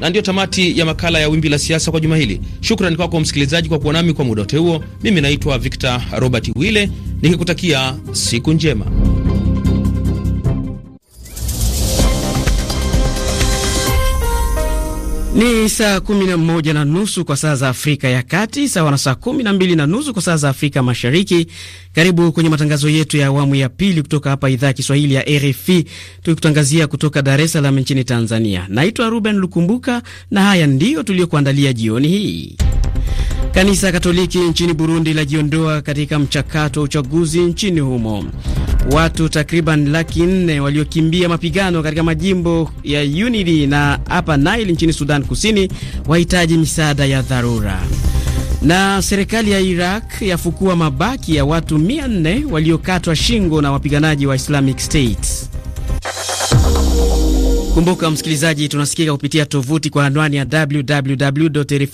Speaker 7: na ndiyo tamati ya makala ya Wimbi la Siasa kwa juma hili. Shukrani kwako kwa msikilizaji kwa kuwa nami kwa muda wote huo. Mimi naitwa Victor Robert Wille nikikutakia siku
Speaker 1: njema. Ni saa kumi na moja na nusu kwa saa za Afrika ya Kati, sawa na saa kumi na mbili na nusu kwa saa za Afrika Mashariki. Karibu kwenye matangazo yetu ya awamu ya pili kutoka hapa idhaa ya Kiswahili ya RFI, tukikutangazia kutoka Dar es Salaam nchini Tanzania. Naitwa Ruben Lukumbuka na haya ndiyo tuliyokuandalia jioni hii. Kanisa Katoliki nchini Burundi lajiondoa katika mchakato wa uchaguzi nchini humo watu takriban laki nne waliokimbia mapigano katika majimbo ya Unity na Upper Nile nchini Sudan Kusini wahitaji misaada ya dharura. Na serikali ya Iraq yafukua mabaki ya watu 400 waliokatwa shingo na wapiganaji wa Islamic State. Kumbuka msikilizaji, tunasikika kupitia tovuti kwa anwani ya www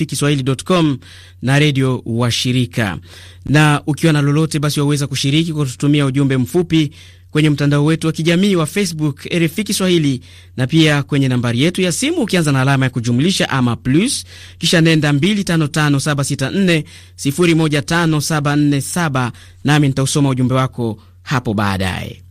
Speaker 1: kiswahilicom na redio wa shirika, na ukiwa na lolote basi waweza kushiriki kwa kututumia ujumbe mfupi kwenye mtandao wetu wa kijamii wa Facebook RFI Kiswahili, na pia kwenye nambari yetu ya simu ukianza na alama ya kujumlisha ama plus, kisha nenda 255764015747 nami nitausoma ujumbe wako hapo baadaye.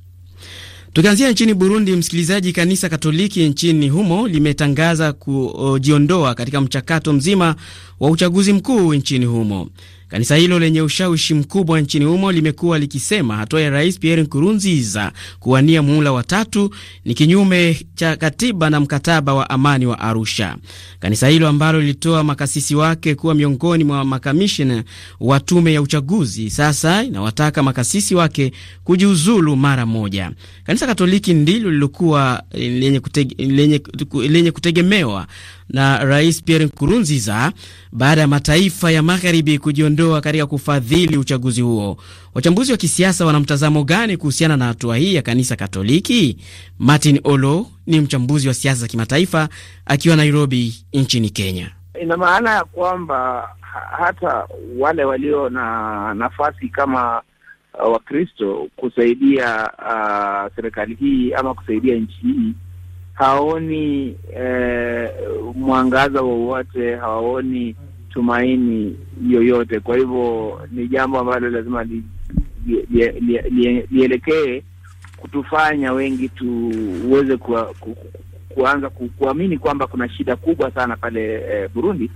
Speaker 1: Tukianzia nchini Burundi, msikilizaji, kanisa Katoliki nchini humo limetangaza kujiondoa katika mchakato mzima wa uchaguzi mkuu nchini humo. Kanisa hilo lenye ushawishi mkubwa nchini humo limekuwa likisema hatua ya Rais Pierre Nkurunziza kuwania muhula wa tatu ni kinyume cha katiba na mkataba wa amani wa Arusha. Kanisa hilo ambalo lilitoa makasisi wake kuwa miongoni mwa makamishina wa tume ya uchaguzi, sasa inawataka makasisi wake kujiuzulu mara moja. Kanisa Katoliki ndilo lilokuwa eh, lenye kutege, lenye kutegemewa na Rais Pierre Nkurunziza baada ya mataifa ya magharibi kujiondoa katika kufadhili uchaguzi huo. Wachambuzi wa kisiasa wana mtazamo gani kuhusiana na hatua hii ya kanisa Katoliki? Martin Olo ni mchambuzi wa siasa za kimataifa akiwa Nairobi nchini Kenya.
Speaker 4: Ina maana ya kwamba hata wale walio na nafasi kama uh, Wakristo kusaidia uh, serikali hii ama kusaidia nchi hii hawaoni eh, mwangaza wowote, hawaoni tumaini yoyote. Kwa hivyo ni jambo ambalo lazima lielekee li, li, li, li kutufanya wengi tuweze kuwa, ku, kuanza ku, kuamini kwamba kuna shida kubwa sana pale eh, Burundi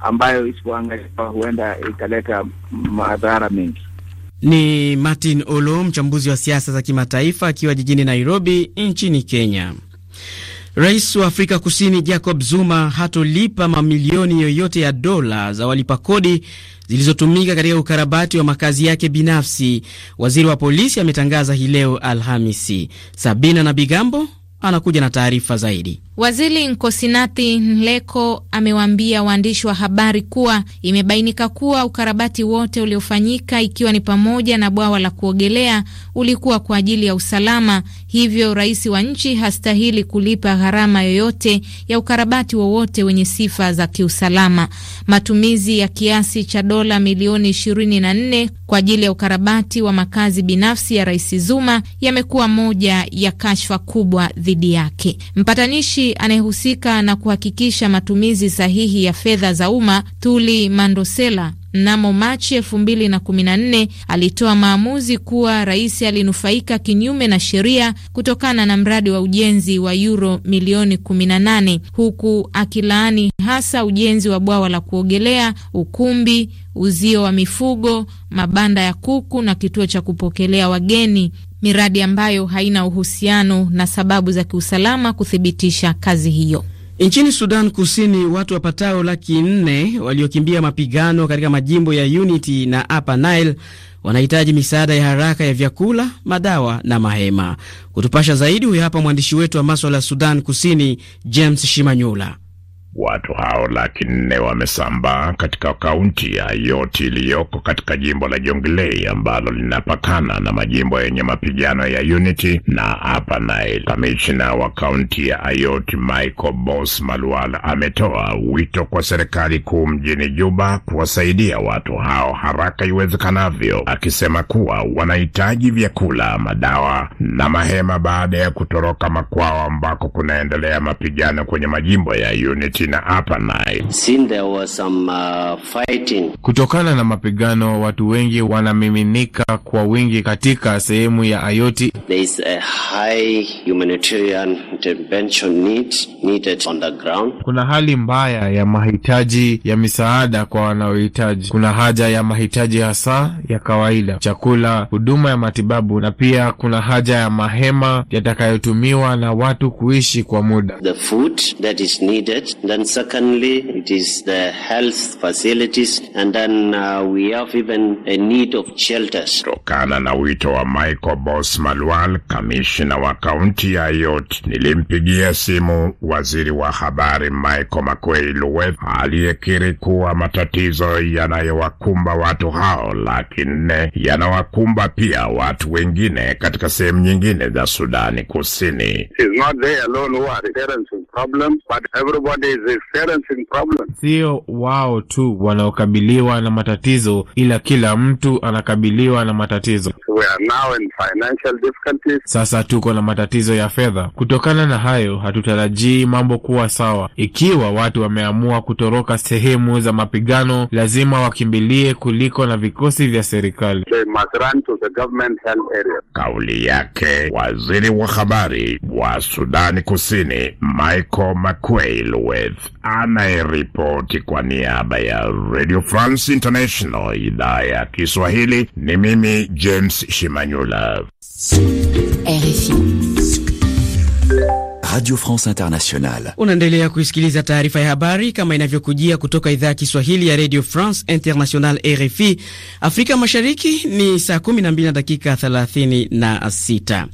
Speaker 4: ambayo isipoangaliwa huenda ikaleta madhara mengi.
Speaker 1: Ni Martin Olo, mchambuzi wa siasa za kimataifa akiwa jijini Nairobi nchini Kenya. Rais wa Afrika Kusini Jacob Zuma hatolipa mamilioni yoyote ya dola za walipa kodi zilizotumika katika ukarabati wa makazi yake binafsi, waziri wa polisi ametangaza hii leo Alhamisi. Sabina na Bigambo anakuja na taarifa zaidi.
Speaker 10: Waziri Nkosinathi nleko amewaambia waandishi wa habari kuwa imebainika kuwa ukarabati wote uliofanyika ikiwa ni pamoja na bwawa la kuogelea ulikuwa kwa ajili ya usalama, hivyo rais wa nchi hastahili kulipa gharama yoyote ya ukarabati wowote wenye sifa za kiusalama. Matumizi ya kiasi cha dola milioni 24 kwa ajili ya ukarabati wa makazi binafsi ya Rais Zuma yamekuwa moja ya kashfa kubwa dhidi yake. Mpatanishi anayehusika na kuhakikisha matumizi sahihi ya fedha za umma Thuli Mandosela mnamo Machi nne alitoa maamuzi kuwa rais alinufaika kinyume na sheria kutokana na mradi wa ujenzi wa yuro milioni nane huku akilaani hasa ujenzi wa bwawa la kuogelea, ukumbi, uzio wa mifugo, mabanda ya kuku na kituo cha kupokelea wageni miradi ambayo haina uhusiano na sababu za kiusalama kuthibitisha kazi hiyo.
Speaker 1: Nchini Sudan Kusini, watu wapatao laki nne waliokimbia mapigano katika majimbo ya Unity na Upper Nile wanahitaji misaada ya haraka ya vyakula, madawa na mahema. Kutupasha zaidi, huyo hapa mwandishi wetu wa maswala ya Sudan Kusini, James Shimanyula.
Speaker 13: Watu hao laki nne wamesambaa katika kaunti ya Yoti iliyoko katika jimbo la Jonglei ambalo linapakana na majimbo yenye mapigano ya Unity na Upper Nile. Kamishna wa kaunti ya ayot Michael Bos Malual ametoa wito kwa serikali kuu mjini Juba kuwasaidia watu hao haraka iwezekanavyo, akisema kuwa wanahitaji vyakula, madawa na mahema baada ya kutoroka makwao ambako kunaendelea mapigano kwenye majimbo ya Unity hapa naye. Uh, kutokana na mapigano, watu wengi wanamiminika kwa wingi katika sehemu ya Ayoti. There is a high humanitarian intervention need, needed on the ground. Kuna hali mbaya ya mahitaji ya misaada kwa wanaohitaji. Kuna haja ya mahitaji hasa ya kawaida, chakula, huduma ya matibabu, na pia kuna haja ya mahema yatakayotumiwa na watu kuishi kwa muda. The food that is needed, Then secondly, it is the health facilities and then uh, we have even a need of shelters. Tokana na wito wa Michael Bos Malwal, kamishna wa kaunti ya Yot, nilimpigia simu waziri wa habari Michael Makwei Luwe aliyekiri kuwa matatizo yanayowakumba watu hao lakini nne yanawakumba pia watu wengine katika sehemu nyingine za Sudani Kusini problems, but everybody is experiencing problems. Sio wao tu wanaokabiliwa na matatizo, ila kila mtu anakabiliwa na matatizo. We are now in financial difficulties. Sasa tuko na matatizo ya fedha. Kutokana na hayo, hatutarajii mambo kuwa sawa. Ikiwa watu wameamua kutoroka sehemu za mapigano, lazima wakimbilie kuliko na vikosi vya serikali. Kauli yake waziri wa habari wa Sudani Kusini Mike Michael McQuail McQuailweth anayeripoti kwa niaba ya Radio France International idhaa ya Kiswahili. Ni mimi James Shimanyula,
Speaker 14: RFI
Speaker 13: Radio France International.
Speaker 1: Unaendelea kuisikiliza taarifa ya habari kama inavyokujia kutoka idhaa ya Kiswahili ya Radio France International RFI. Afrika Mashariki ni saa 12 na dakika 36.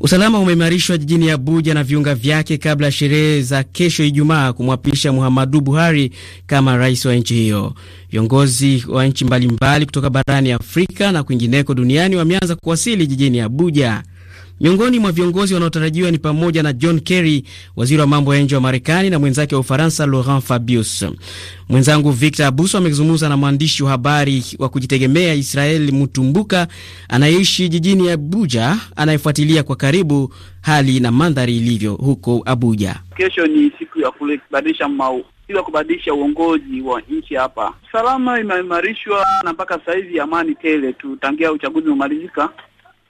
Speaker 1: Usalama umeimarishwa jijini Abuja na viunga vyake kabla ya sherehe za kesho Ijumaa kumwapisha Muhammadu Buhari kama rais wa nchi hiyo. Viongozi wa nchi mbalimbali kutoka barani Afrika na kwingineko duniani wameanza kuwasili jijini Abuja. Miongoni mwa viongozi wanaotarajiwa ni pamoja na John Kerry, waziri wa mambo ya nje wa Marekani, na mwenzake wa Ufaransa Laurent Fabius. Mwenzangu Victor Abuso amezungumza na mwandishi wa habari wa kujitegemea Israel Mutumbuka anayeishi jijini Abuja, anayefuatilia kwa karibu hali na mandhari ilivyo huko Abuja.
Speaker 5: Kesho ni siku ya kubadilisha mau ya kubadilisha uongozi wa nchi hapa. Salama imeimarishwa na mpaka sasa hivi amani tele tu, tangia uchaguzi umemalizika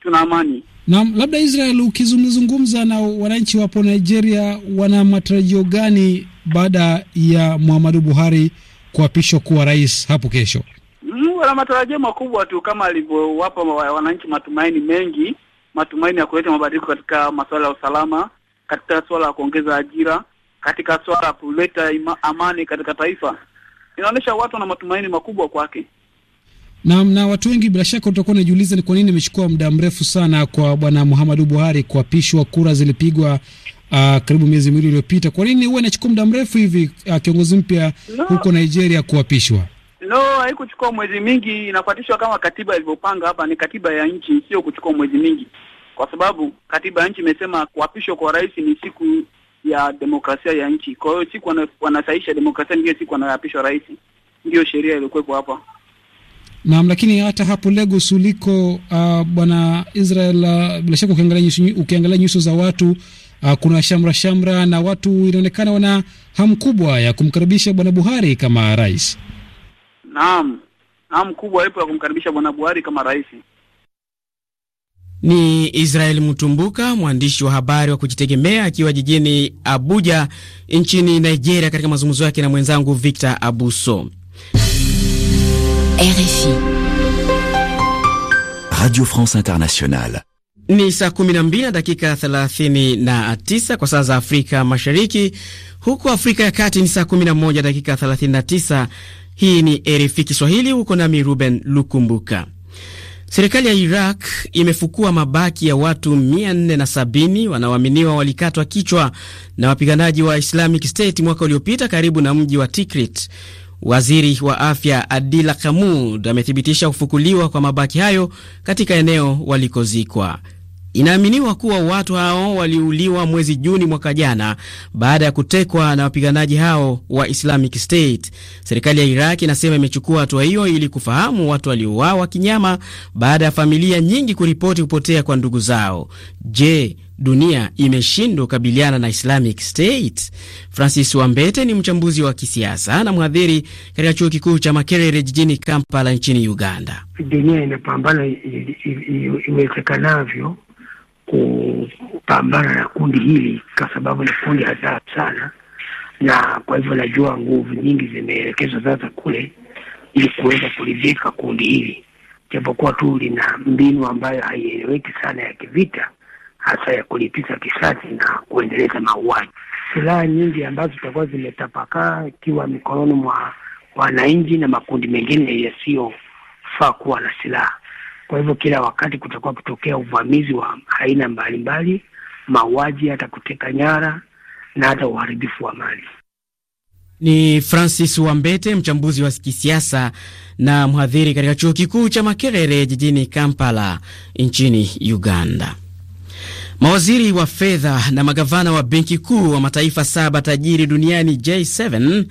Speaker 5: tuna amani.
Speaker 8: Naam, labda Israel, ukizungumza na wananchi wapo Nigeria, wana matarajio gani baada ya Muhammadu Buhari kuapishwa kuwa rais hapo kesho?
Speaker 5: Mm, wana matarajio makubwa tu kama alivyowapa wananchi matumaini mengi, matumaini ya kuleta mabadiliko katika masuala ya usalama, katika suala ya kuongeza ajira, katika suala ya kuleta amani katika taifa. Inaonyesha watu wana matumaini makubwa kwake.
Speaker 8: Na, na watu wengi bila shaka utakuwa unajiuliza ni kwa nini imechukua muda mrefu sana kwa bwana Muhammadu Buhari kuapishwa. Kura zilipigwa uh, karibu miezi miwili iliyopita. Kwa nini huwa inachukua muda mrefu hivi uh, kiongozi mpya no. huko Nigeria kuapishwa?
Speaker 14: No,
Speaker 5: haikuchukua mwezi mingi, inafuatishwa kama katiba ilivyopanga. Hapa ni katiba ya nchi, sio kuchukua mwezi mingi, kwa sababu katiba ya nchi imesema kuapishwa kwa rais ni siku ya demokrasia ya nchi. Kwa hiyo siku wanasaisha demokrasia, ndiyo siku anaapishwa rais, ndio sheria iliyokuwepo hapa.
Speaker 8: Naam, lakini hata hapo Lagos uliko, uh, bwana Israel, uh, bila shaka ukiangalia nyuso za watu uh, kuna shamra shamra na watu inaonekana wana hamu kubwa ya kumkaribisha bwana Buhari kama rais.
Speaker 5: Naam, hamu kubwa ipo ya kumkaribisha bwana Buhari kama rais.
Speaker 1: Ni Israel Mtumbuka, mwandishi wa habari wa kujitegemea akiwa jijini Abuja nchini Nigeria, katika mazungumzo yake na mwenzangu Victor Abuso. RFI.
Speaker 5: Radio France Internationale.
Speaker 1: Ni saa 12 na dakika 39 kwa saa za Afrika Mashariki, huku Afrika ya Kati ni saa 11 dakika 39. Hii ni RFI Kiswahili, huko nami Ruben Lukumbuka. Serikali ya Iraq imefukua mabaki ya watu 470 wanaoaminiwa walikatwa kichwa na wapiganaji wa Islamic State mwaka uliopita karibu na mji wa Tikrit. Waziri wa afya Adila Kamud amethibitisha kufukuliwa kwa mabaki hayo katika eneo walikozikwa. Inaaminiwa kuwa watu hao waliuliwa mwezi Juni mwaka jana baada ya kutekwa na wapiganaji hao wa Islamic State. Serikali ya Iraq inasema imechukua hatua hiyo ili kufahamu watu waliouawa kinyama baada ya familia nyingi kuripoti kupotea kwa ndugu zao. Je, dunia imeshindwa kukabiliana na Islamic State. Francis Wambete ni mchambuzi wa kisiasa na mhadhiri katika chuo kikuu cha Makerere jijini Kampala nchini Uganda.
Speaker 3: Dunia inapambana iwezekanavyo kupambana na kundi hili, kwa sababu ni kundi hatari sana, na kwa hivyo najua nguvu nyingi zimeelekezwa sasa kule ili kuweza kulivika kundi hili, japokuwa tu lina mbinu ambayo haieleweki sana ya kivita hasa ya kulipiza kisasi na kuendeleza mauaji. Silaha nyingi ambazo zitakuwa zimetapakaa ikiwa mikononi mwa wananchi na makundi mengine yasiyofaa kuwa na silaha. Kwa hivyo kila wakati kutakuwa kutokea uvamizi wa aina mbalimbali, mauaji, hata kuteka nyara na hata uharibifu wa
Speaker 1: mali. Ni Francis Wambete, mchambuzi wa kisiasa na mhadhiri katika chuo kikuu cha Makerere jijini Kampala nchini Uganda. Mawaziri wa fedha na magavana wa benki kuu wa mataifa saba tajiri duniani J7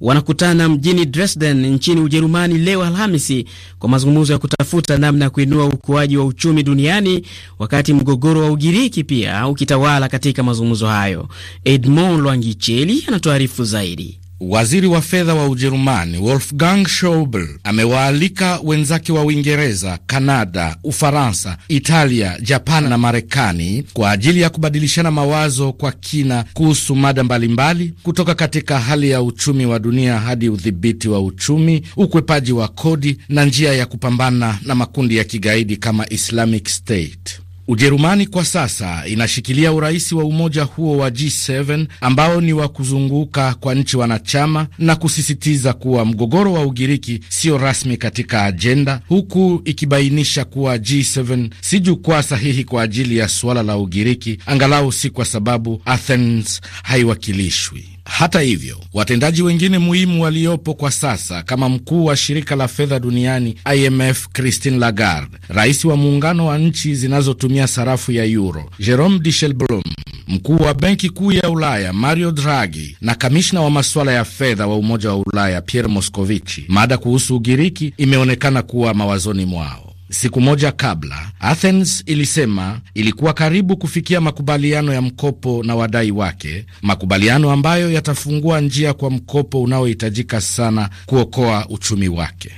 Speaker 1: wanakutana mjini Dresden nchini Ujerumani leo Alhamisi kwa mazungumzo ya kutafuta namna ya kuinua ukuaji wa uchumi duniani, wakati mgogoro wa Ugiriki pia ukitawala katika mazungumzo hayo. Edmond Lwangicheli anatuarifu zaidi. Waziri wa fedha wa Ujerumani Wolfgang Schauble
Speaker 6: amewaalika wenzake wa Uingereza, Kanada, Ufaransa, Italia, Japan na Marekani kwa ajili ya kubadilishana mawazo kwa kina kuhusu mada mbalimbali, kutoka katika hali ya uchumi wa dunia hadi udhibiti wa uchumi, ukwepaji wa kodi na njia ya kupambana na makundi ya kigaidi kama Islamic State. Ujerumani kwa sasa inashikilia urais wa umoja huo wa G7 ambao ni wa kuzunguka kwa nchi wanachama na kusisitiza kuwa mgogoro wa Ugiriki sio rasmi katika ajenda, huku ikibainisha kuwa G7 si jukwaa sahihi kwa ajili ya suala la Ugiriki, angalau si kwa sababu Athens haiwakilishwi. Hata hivyo, watendaji wengine muhimu waliopo kwa sasa kama mkuu wa shirika la fedha duniani IMF Christine Lagarde, rais wa muungano wa nchi zinazotumia sarafu ya euro Jerome Dijsselbloem, mkuu wa benki kuu ya Ulaya Mario Draghi na kamishna wa masuala ya fedha wa Umoja wa Ulaya Pierre Moscovici, mada kuhusu Ugiriki imeonekana kuwa mawazoni mwao. Siku moja kabla, Athens ilisema ilikuwa karibu kufikia makubaliano ya mkopo na wadai wake, makubaliano ambayo yatafungua njia kwa mkopo unaohitajika sana kuokoa uchumi wake.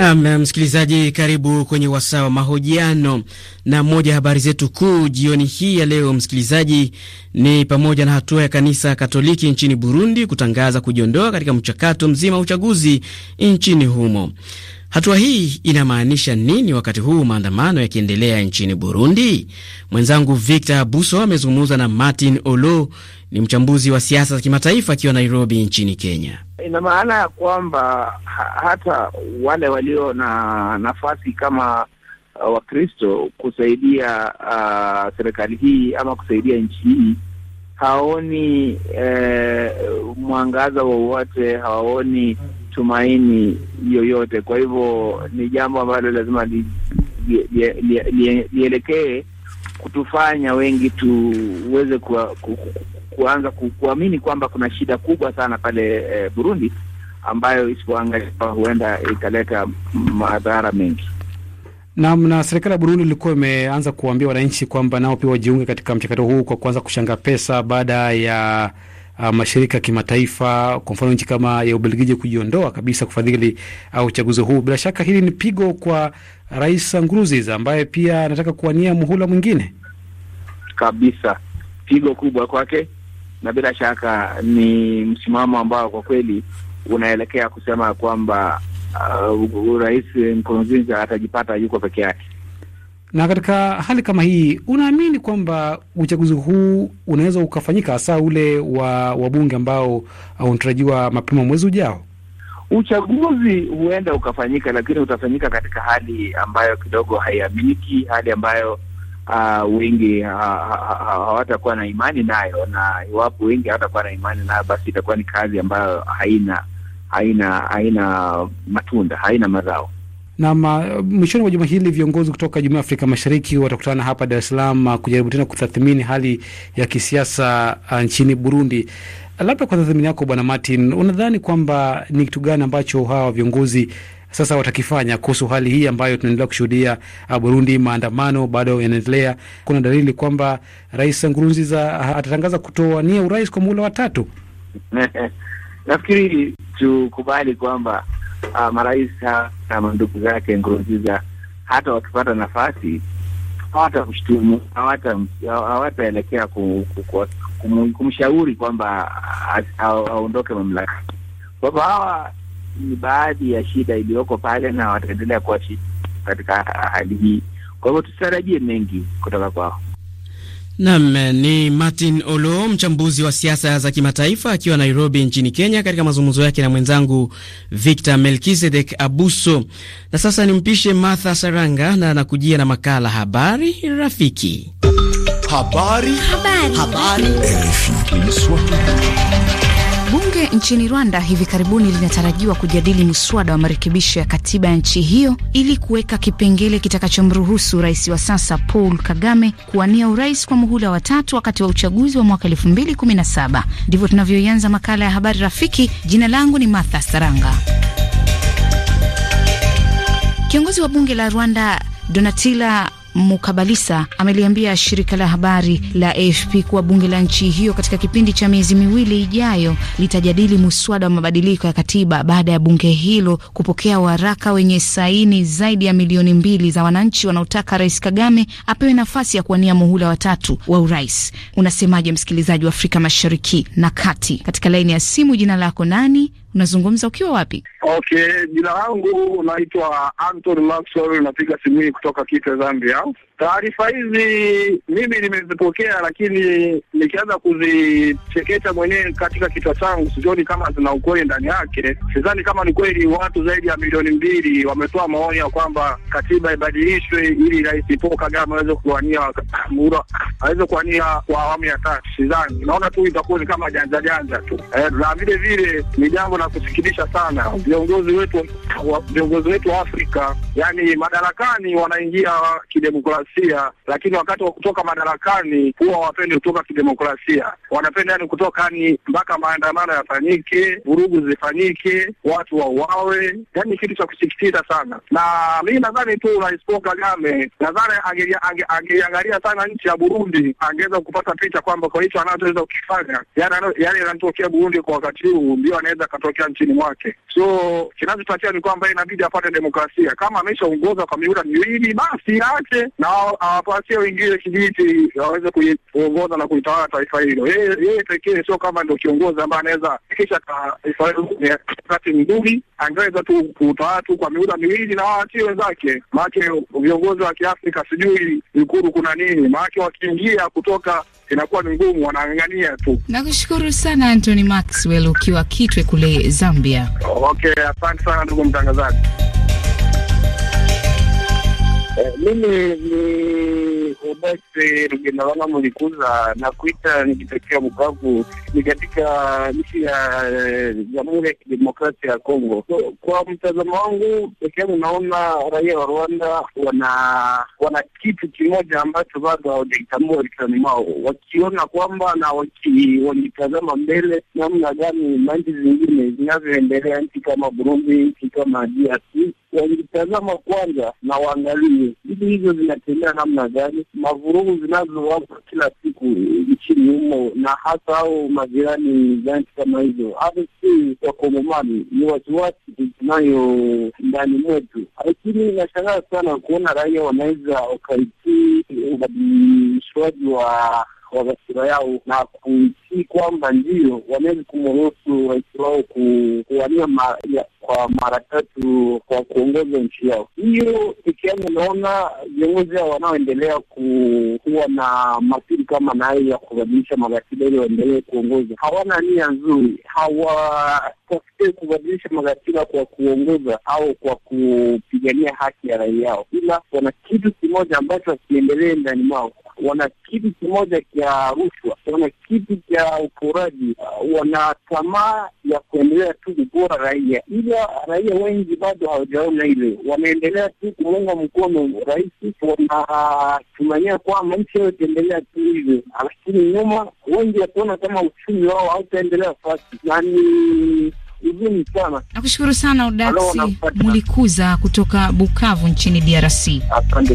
Speaker 1: nam msikilizaji, karibu kwenye wasaa wa mahojiano. Na moja ya habari zetu kuu jioni hii ya leo, msikilizaji, ni pamoja na hatua ya kanisa Katoliki nchini Burundi kutangaza kujiondoa katika mchakato mzima wa uchaguzi nchini humo. Hatua hii inamaanisha nini wakati huu maandamano yakiendelea nchini Burundi? Mwenzangu Victor Abuso amezungumza na Martin Olo, ni mchambuzi wa siasa za kimataifa akiwa Nairobi nchini Kenya.
Speaker 4: Ina maana ya kwamba ha, hata wale walio na nafasi kama uh, Wakristo kusaidia uh, serikali hii ama kusaidia nchi hii hawaoni eh, mwangaza wowote, hawaoni tumaini yoyote. Kwa hivyo ni jambo ambalo lazima lielekee li, li, li, li, li, li, li, kutufanya wengi tuweze kuanza kuamini kwamba kuna shida kubwa sana pale e, Burundi ambayo isipoangaliwa huenda ikaleta madhara mengi.
Speaker 8: Naam, na serikali ya Burundi ilikuwa imeanza kuambia wananchi kwamba nao pia wajiunge katika mchakato huu kwa kuanza kushanga pesa baada ya a, ah, mashirika ya kimataifa, kwa mfano nchi kama ya Ubelgiji kujiondoa kabisa kufadhili uh, uchaguzi huu. Bila shaka hili ni pigo kwa Rais Nkurunziza ambaye pia anataka kuwania muhula mwingine
Speaker 4: kabisa, pigo kubwa kwake na bila shaka ni msimamo ambao kwa kweli unaelekea kusema kwamba uh, Rais Nkurunziza atajipata yuko peke yake.
Speaker 8: Na katika hali kama hii, unaamini kwamba uchaguzi huu unaweza ukafanyika, hasa ule wa wabunge ambao unatarajiwa mapema mwezi ujao?
Speaker 4: Uchaguzi huenda ukafanyika, lakini utafanyika katika hali ambayo kidogo haiaminiki, hali ambayo uh, wengi ah, ah, hawatakuwa na imani nayo, na iwapo wengi hawatakuwa na imani nayo, basi itakuwa ni kazi ambayo haina haina haina matunda, haina mazao.
Speaker 8: Na mwishoni mwa juma hili viongozi kutoka Jumuiya ya Afrika Mashariki watakutana hapa Dar es Salaam kujaribu tena kutathmini hali ya kisiasa nchini Burundi. Labda kwa tathmini yako, Bwana Martin, unadhani kwamba ni kitu gani ambacho hawa viongozi sasa watakifanya kuhusu hali hii ambayo tunaendelea kushuhudia uh, Burundi. Maandamano bado yanaendelea. Kuna dalili kwamba Rais Nkurunziza uh, atatangaza kutowania urais kwa muhula wa tatu. *laughs*
Speaker 4: Nafikiri tukubali kwamba uh, marais na mandugu zake Nkurunziza hata wakipata nafasi hawatamshtumu, hawataelekea kumshauri kwamba uh, aondoke mamlakani. Kwa hawa ni baadhi ya shida iliyoko pale na wataendelea kuwa shida katika hali hii. Kwa hivyo tusitarajie mengi kutoka kwao.
Speaker 1: Nam ni Martin Olo, mchambuzi wa siasa za kimataifa akiwa Nairobi nchini Kenya, katika mazungumzo yake na mwenzangu Victor Melkizedek Abuso. Na sasa nimpishe Martha Saranga na anakujia na makala Habari Rafiki. Habari. Habari. Habari. Habari.
Speaker 15: Bunge nchini Rwanda hivi karibuni linatarajiwa kujadili mswada wa marekebisho ya katiba ya nchi hiyo ili kuweka kipengele kitakachomruhusu rais wa sasa Paul Kagame kuwania urais kwa muhula wa tatu wakati wa uchaguzi wa mwaka 2017. Ndivyo tunavyoianza makala ya habari rafiki. Jina langu ni Martha Saranga. Kiongozi wa bunge la Rwanda Donatila Mukabalisa ameliambia shirika la habari la AFP kuwa bunge la nchi hiyo katika kipindi cha miezi miwili ijayo litajadili muswada wa mabadiliko ya katiba baada ya bunge hilo kupokea waraka wenye saini zaidi ya milioni mbili za wananchi wanaotaka Rais Kagame apewe nafasi ya kuwania muhula watatu wa urais. Unasemaje msikilizaji wa Afrika Mashariki na Kati? Katika laini ya simu, jina lako nani Unazungumza ukiwa wapi?
Speaker 16: Okay, jina langu unaitwa Anton Maxwell, napiga simu hii kutoka Kitwe, Zambia. Taarifa hizi mimi nimezipokea, lakini nikianza kuzicheketa mwenyewe katika kichwa changu, sijoni kama zina ukweli ndani yake. Sidhani kama ni kweli watu zaidi ya milioni mbili wametoa maoni ya kwamba katiba ibadilishwe ili Rais Paul Kagame aweze kuwania aweze kuwania kwa awamu ya tatu. Sidhani, naona tu itakuwa ni kama janja janja tu. Eh, na vile vile ni jambo la kusikitisha sana, viongozi wetu, viongozi wetu wa Afrika yani madarakani wanaingia kidemokrasia kidemokrasia, lakini wakati wa kutoka madarakani huwa wapendi kutoka kidemokrasia, wanapenda yani kutoka ni mpaka maandamano yafanyike, vurugu zifanyike, watu wauawe, yani kitu cha kusikitiza sana. Na mi nadhani tu Rais Paul Kagame nadhani angeiangalia sana nchi ya Burundi, angeweza kupata picha kwamba kwa hicho anachoweza
Speaker 2: kukifanya,
Speaker 16: yani anatokea Burundi kwa wakati huu, ndio anaweza akatokea nchini mwake. So kinachotakiwa ni kwamba inabidi apate demokrasia. Kama ameshaongoza kwa miura miwili, basi ache na awapatie wengine kijiti waweze kuongoza na kuitawala taifa hilo. Yeye pekee sio kama ndio kiongozi ambaye anaweza kisha taifa hilo wakati mzuri, angeweza tu kuutawala tu kwa miuda miwili na waatie wenzake. Maake viongozi wa Kiafrika sijui ikuru kuna nini, maake wakiingia kutoka inakuwa ni ngumu, wanang'ang'ania tu.
Speaker 15: Nakushukuru sana Anthony Maxwell ukiwa Kitwe kule Zambia.
Speaker 16: Okay, asante sana ndugu mtangazaji. Eh, mimi ni Obasi mlikuza Mulikuza, nakuita nikitokea Bukavu, ni katika nchi ya eh, Jamhuri ya Kidemokrasia ya Kongo. Kwa mtazamo wangu peke naona raia wa Rwanda wana wana kitu kimoja ambacho bado hawajakitambua vichwani mwao, wakiona kwamba na wakitazama mbele namna gani manchi zingine zinavyoendelea, nchi kama Burundi, nchi kama DRC wangitazama kwanza na waangalie vitu hivyo vinatembea namna gani, mavurugu zinazowakwa kila siku nchini humo, na hasa au majirani za nchi kama hizo, hata si Wakongomani, ni wasiwasi tunayo ndani mwetu. Lakini inashangaa sana kuona raia wanaweza wakaitii ubadilishwaji wa wa katiba yao na kuitii kwamba ndio wanaweza kumorosu rais wao kuwania kwa mara tatu kwa kuongoza nchi yao. Hiyo peke yake, unaona viongozi hao wanaoendelea kuwa na masiri kama nayo ya kubadilisha makatiba ili waendelee kuongoza hawana nia nzuri, hawatafute kubadilisha makatiba kwa kuongoza au kwa kupigania haki ya raia yao, ila wana kitu kimoja ambacho hakiendelee ndani mao wana kitu kimoja cha rushwa, wana kitu cha uporaji, uh, wana tamaa ya kuendelea tu kupora raia, ila raia wengi bado hawajaona ile, wanaendelea tu kumunga mkono rais, wanatumania kwamba nchi hiyo itaendelea tu hivyo, lakini nyuma wengi wataona kama uchumi wao hautaendelea fasi nani
Speaker 15: Nakushukuru sana Udaksi Mulikuza kutoka Bukavu nchini DRC. Asante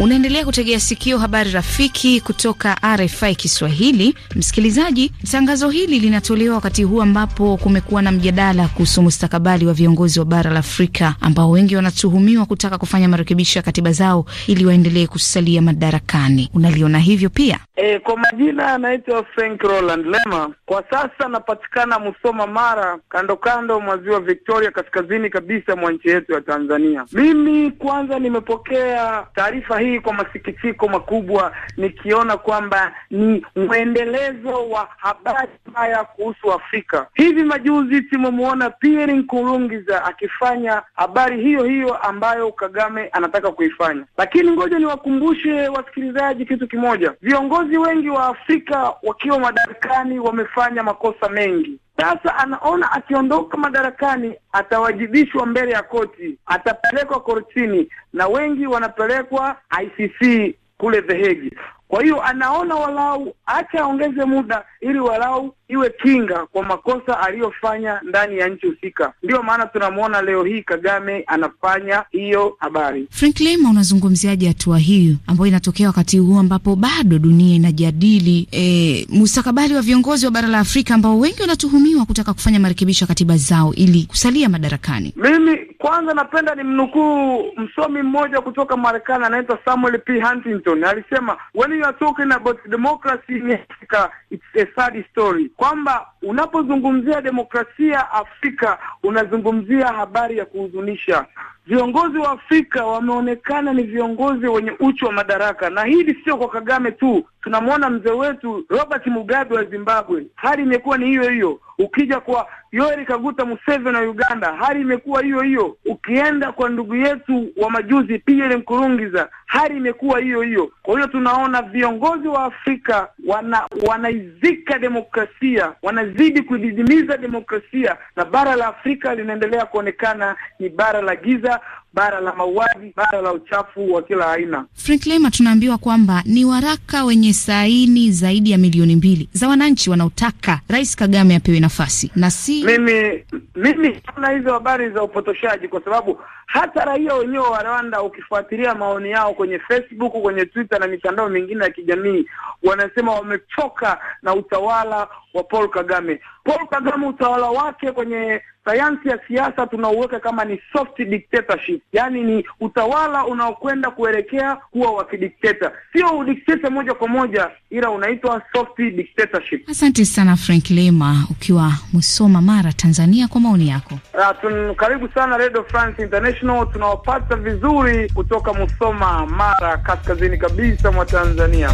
Speaker 15: Unaendelea kutegea sikio habari rafiki kutoka RFI Kiswahili. Msikilizaji, tangazo hili linatolewa wakati huu ambapo kumekuwa na mjadala kuhusu mustakabali wa viongozi wa bara la Afrika ambao wengi wanatuhumiwa kutaka kufanya marekebisho ya katiba zao ili waendelee kusalia madarakani. Unaliona hivyo pia?
Speaker 17: E, kwa majina anaitwa Frank Roland Lema. Kwa sasa anapatikana Musoma, Mara, kando kando mwa ziwa Victoria, kaskazini kabisa mwa nchi yetu ya Tanzania. Mimi kwanza nimepokea taarifa hii kwa masikitiko makubwa, nikiona kwamba ni mwendelezo wa habari mbaya kuhusu Afrika. Hivi majuzi tumemwona Pierre Nkurunziza akifanya habari hiyo hiyo ambayo Kagame anataka kuifanya, lakini ngoja niwakumbushe wasikilizaji kitu kimoja. Viongozi wengi wa Afrika wakiwa madarakani wamefanya makosa mengi. Sasa anaona akiondoka madarakani atawajibishwa mbele ya koti, atapelekwa kortini, na wengi wanapelekwa ICC kule The Hague. Kwa hiyo anaona walau acha aongeze muda ili walau iwe kinga kwa makosa aliyofanya ndani ya nchi husika. Ndiyo maana tunamwona leo hii Kagame anafanya hiyo habari.
Speaker 15: Franklin, unazungumziaje hatua hiyo ambayo inatokea wakati huu ambapo bado dunia inajadili e, mustakabali wa viongozi wa bara la Afrika ambao wengi wanatuhumiwa kutaka kufanya marekebisho ya katiba zao ili kusalia madarakani?
Speaker 17: Mimi kwanza napenda ni mnukuu msomi mmoja kutoka Marekani anaitwa Samuel P. Huntington alisema when really you are talking about democracy in Africa, it's a sad story, kwamba unapozungumzia demokrasia Afrika unazungumzia habari ya kuhuzunisha. Viongozi wa Afrika wameonekana ni viongozi wenye uchu wa madaraka, na hili sio kwa Kagame tu, tunamwona mzee wetu Robert Mugabe wa Zimbabwe, hali imekuwa ni hiyo hiyo. Ukija kwa Yoweri Kaguta Museveni wa Uganda, hali imekuwa hiyo hiyo. Ukienda kwa ndugu yetu wa majuzi Pierre Nkurunziza, hali imekuwa hiyo hiyo. Kwa hiyo tunaona viongozi wa Afrika wana, wanaizika demokrasia, wanazidi kudidimiza demokrasia, na bara la Afrika linaendelea kuonekana ni bara la giza, bara la mauaji, bara la uchafu wa kila aina.
Speaker 15: Frank Lema, tunaambiwa kwamba ni waraka wenye saini zaidi ya milioni mbili za wananchi wanaotaka Rais Kagame apewe nafasi na si
Speaker 17: mimi mimi, kuna hizo habari za upotoshaji, kwa sababu hata raia wenyewe wa Rwanda, ukifuatilia maoni yao kwenye Facebook, kwenye Twitter na mitandao mingine ya kijamii, wanasema wamechoka na utawala wa Paul Kagame. Paul Kagame utawala wake kwenye sayansi ya siasa tunauweka kama ni soft dictatorship, yaani ni utawala unaokwenda kuelekea kuwa wa kidikteta. Sio udikteta moja kwa moja, ila unaitwa soft dictatorship.
Speaker 15: Asante sana Frank Lema ukiwa Musoma, Mara, Tanzania, kwa maoni yako.
Speaker 17: Ah, karibu sana Radio France International international tunawapata vizuri kutoka Musoma, Mara, kaskazini kabisa mwa Tanzania.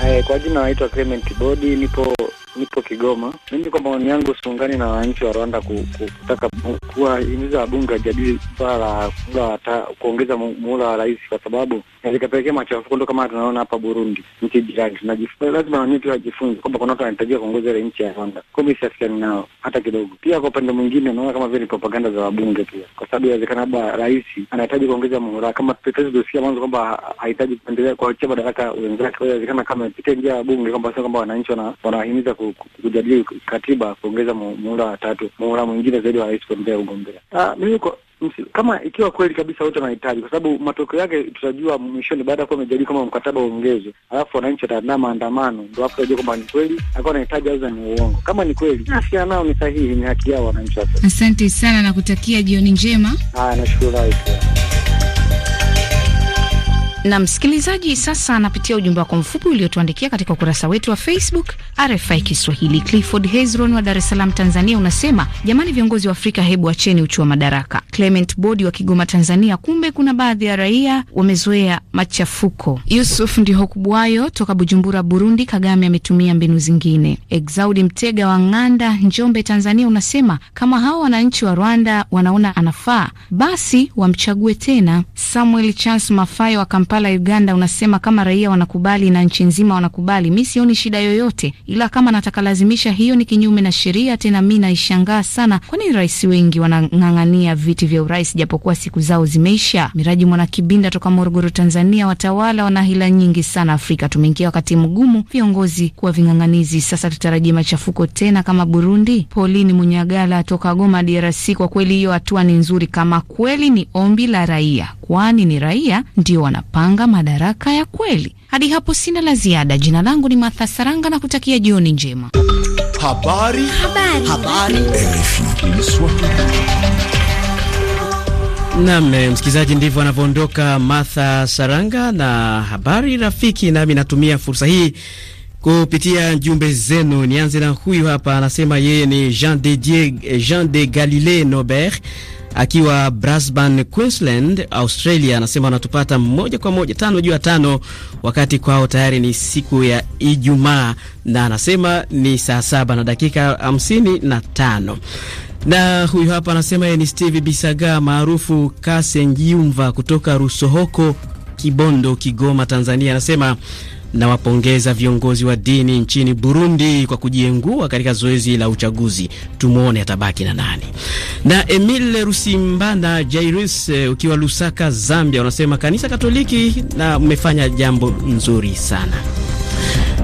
Speaker 16: Hey, kwa jina naitwa Clement Bodi, nipo nipo Kigoma. Mimi kwa maoni yangu siungani na wananchi wa Rwanda kutaka kuwahimiza wabunge wajadili swala la kuongeza muhula wa rais kwa sababu na zikapelekea machafuko, ndo kama tunaona hapa Burundi, nchi jirani. Lazima nani tu wajifunze kwamba kuna watu wanahitajia kuongoza ile nchi ya Rwanda, kwa mi siafikiani nao hata kidogo. Pia kwa upande mwingine, naona kama vile ni propaganda za wabunge pia, kwa sababu inawezekana labda rais anahitaji kuongeza muhula, kama tuliosikia mwanzo kwamba hahitaji kuendelea kuachia madaraka wenzake. Inawezekana kama ipitia njia ya wabunge, kwamba sio kwamba wananchi wanahimiza kujadili katiba, kuongeza muhula wa tatu, muhula mwingine zaidi wa rais kuendelea kugombea. Ah, mimi kama ikiwa kweli kabisa wote wanahitaji, kwa sababu matokeo yake tutajua mwishoni, baada ya kuwa amejadili kama mkataba uongezwe, alafu wananchi wataandaa maandamano, ndo hapo tajua kwamba ni kweli akiwa anahitaji aza ni uongo. Kama ni kweli, nafikiana nao ni sahihi, ni haki yao wananchi.
Speaker 15: Asante sana na kutakia jioni njema. Haya, nashukuru na msikilizaji, sasa anapitia ujumbe wako mfupi uliotuandikia katika ukurasa wetu wa Facebook RFI Kiswahili. Clifford Hezron wa Dar es Salaam, Tanzania, unasema jamani, viongozi wa Afrika, hebu acheni uchu wa madaraka. Clement Bodi wa Kigoma, Tanzania, kumbe kuna baadhi ya raia wamezoea machafuko. Yusuf Ndihokubwayo toka Bujumbura, Burundi, Kagame ametumia mbinu zingine. Exaudi Mtega wa Ng'anda, Njombe, Tanzania, unasema kama hao wananchi wa Rwanda wanaona anafaa, basi wamchague tena. Samuel Chance Mafayo wa Kampala, Uganda, unasema kama raia wanakubali na nchi nzima wanakubali, mi sioni shida yoyote, ila kama natakalazimisha, hiyo ni kinyume na sheria. Tena mi naishangaa sana, kwani rais wengi wanang'ang'ania viti vya urais japokuwa siku zao zimeisha. Miraji Mwanakibinda toka Morogoro, Tanzania, watawala wana hila nyingi sana. Afrika tumeingia wakati mgumu, viongozi kuwa ving'ang'anizi. Sasa tutarajia machafuko tena kama Burundi. Pauline Munyagala toka Goma, DRC, kwa kweli hiyo hatua ni nzuri kama kweli ni ombi la raia kwani ni raia ndio wanapanga madaraka ya kweli. Hadi hapo sina la ziada. Jina langu ni Martha Saranga na kutakia jioni njema.
Speaker 1: Habari. Habari. Habari. Naam, eh, msikilizaji, ndivyo anavyoondoka Martha Saranga na habari rafiki, nami natumia fursa hii kupitia jumbe zenu. Nianze na huyu hapa, anasema yeye ni Jean de, eh, Jean de Galilei Nobert akiwa Brisbane, Queensland, Australia, anasema anatupata moja kwa moja tano juu ya tano, wakati kwao tayari ni siku ya Ijumaa, na anasema ni saa saba na dakika hamsini na tano na huyu hapa anasema yeye ni Steve Bisaga maarufu kasengiumva kutoka Rusohoko, Kibondo, Kigoma, Tanzania. Anasema Nawapongeza viongozi wa dini nchini Burundi kwa kujiengua katika zoezi la uchaguzi. Tumwone atabaki na nani. Na Emile Rusimbana jairus eh, ukiwa Lusaka, Zambia, unasema kanisa Katoliki na mmefanya jambo nzuri sana.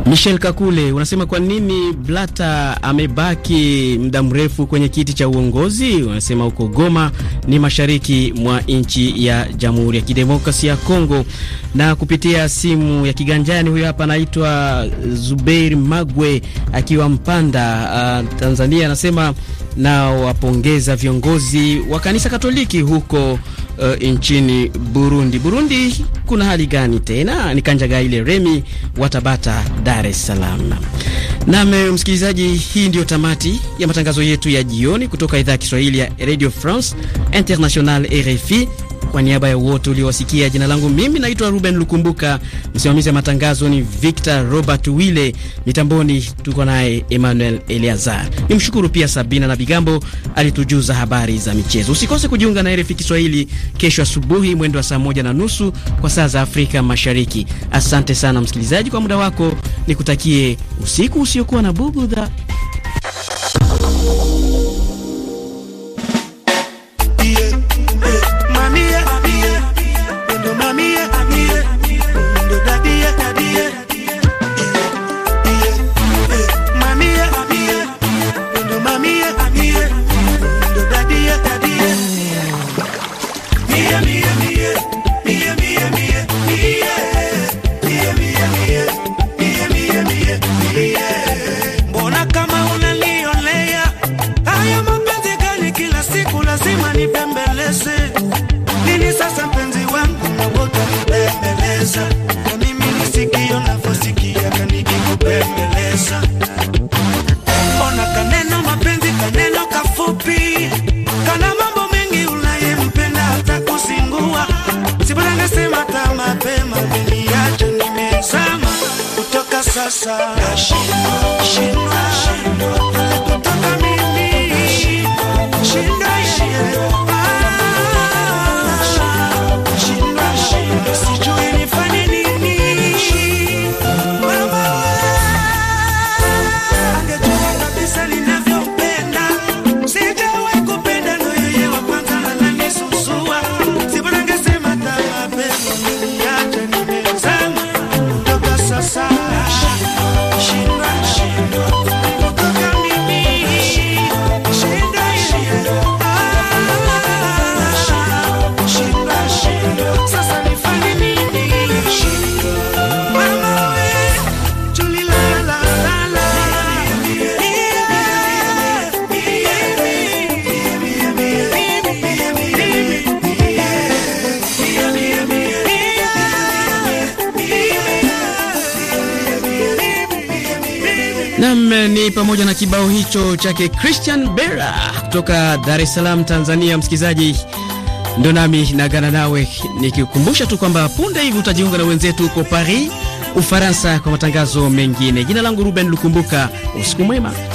Speaker 1: Michel Kakule, unasema kwa nini Blata amebaki muda mrefu kwenye kiti cha uongozi? Unasema huko Goma ni mashariki mwa nchi ya Jamhuri ya Kidemokrasia ya Kongo. Na kupitia simu ya kiganjani, huyo hapa anaitwa Zubeir Magwe akiwa Mpanda, uh, Tanzania, anasema na wapongeza viongozi wa kanisa Katoliki huko uh, nchini Burundi. Burundi kuna hali gani tena? Ni Kanjagaile Remi watabata Dar es Salaam. Nam eh, msikilizaji, hii ndiyo tamati ya matangazo yetu ya jioni kutoka idhaa ya Kiswahili ya Radio France International, RFI. Kwa niaba ya wote uliowasikia, jina langu mimi naitwa Ruben Lukumbuka, msimamizi wa matangazo ni Victor Robert Wile, mitamboni tuko naye Emmanuel Eleazar. Nimshukuru pia Sabina na Bigambo alitujuza habari za michezo. Usikose kujiunga na RFI Kiswahili kesho asubuhi mwendo wa saa moja na nusu kwa saa za Afrika Mashariki. Asante sana msikilizaji kwa muda wako, nikutakie usiku usiokuwa na bugudha.
Speaker 14: dançar.
Speaker 1: kibao hicho chake Christian Bera kutoka Dar es Salaam, Tanzania. Msikilizaji, ndo nami nagana nawe nikikumbusha tu kwamba punde hivi utajiunga na wenzetu huko Paris, Ufaransa, kwa matangazo mengine. Jina langu Ruben Lukumbuka, usiku mwema.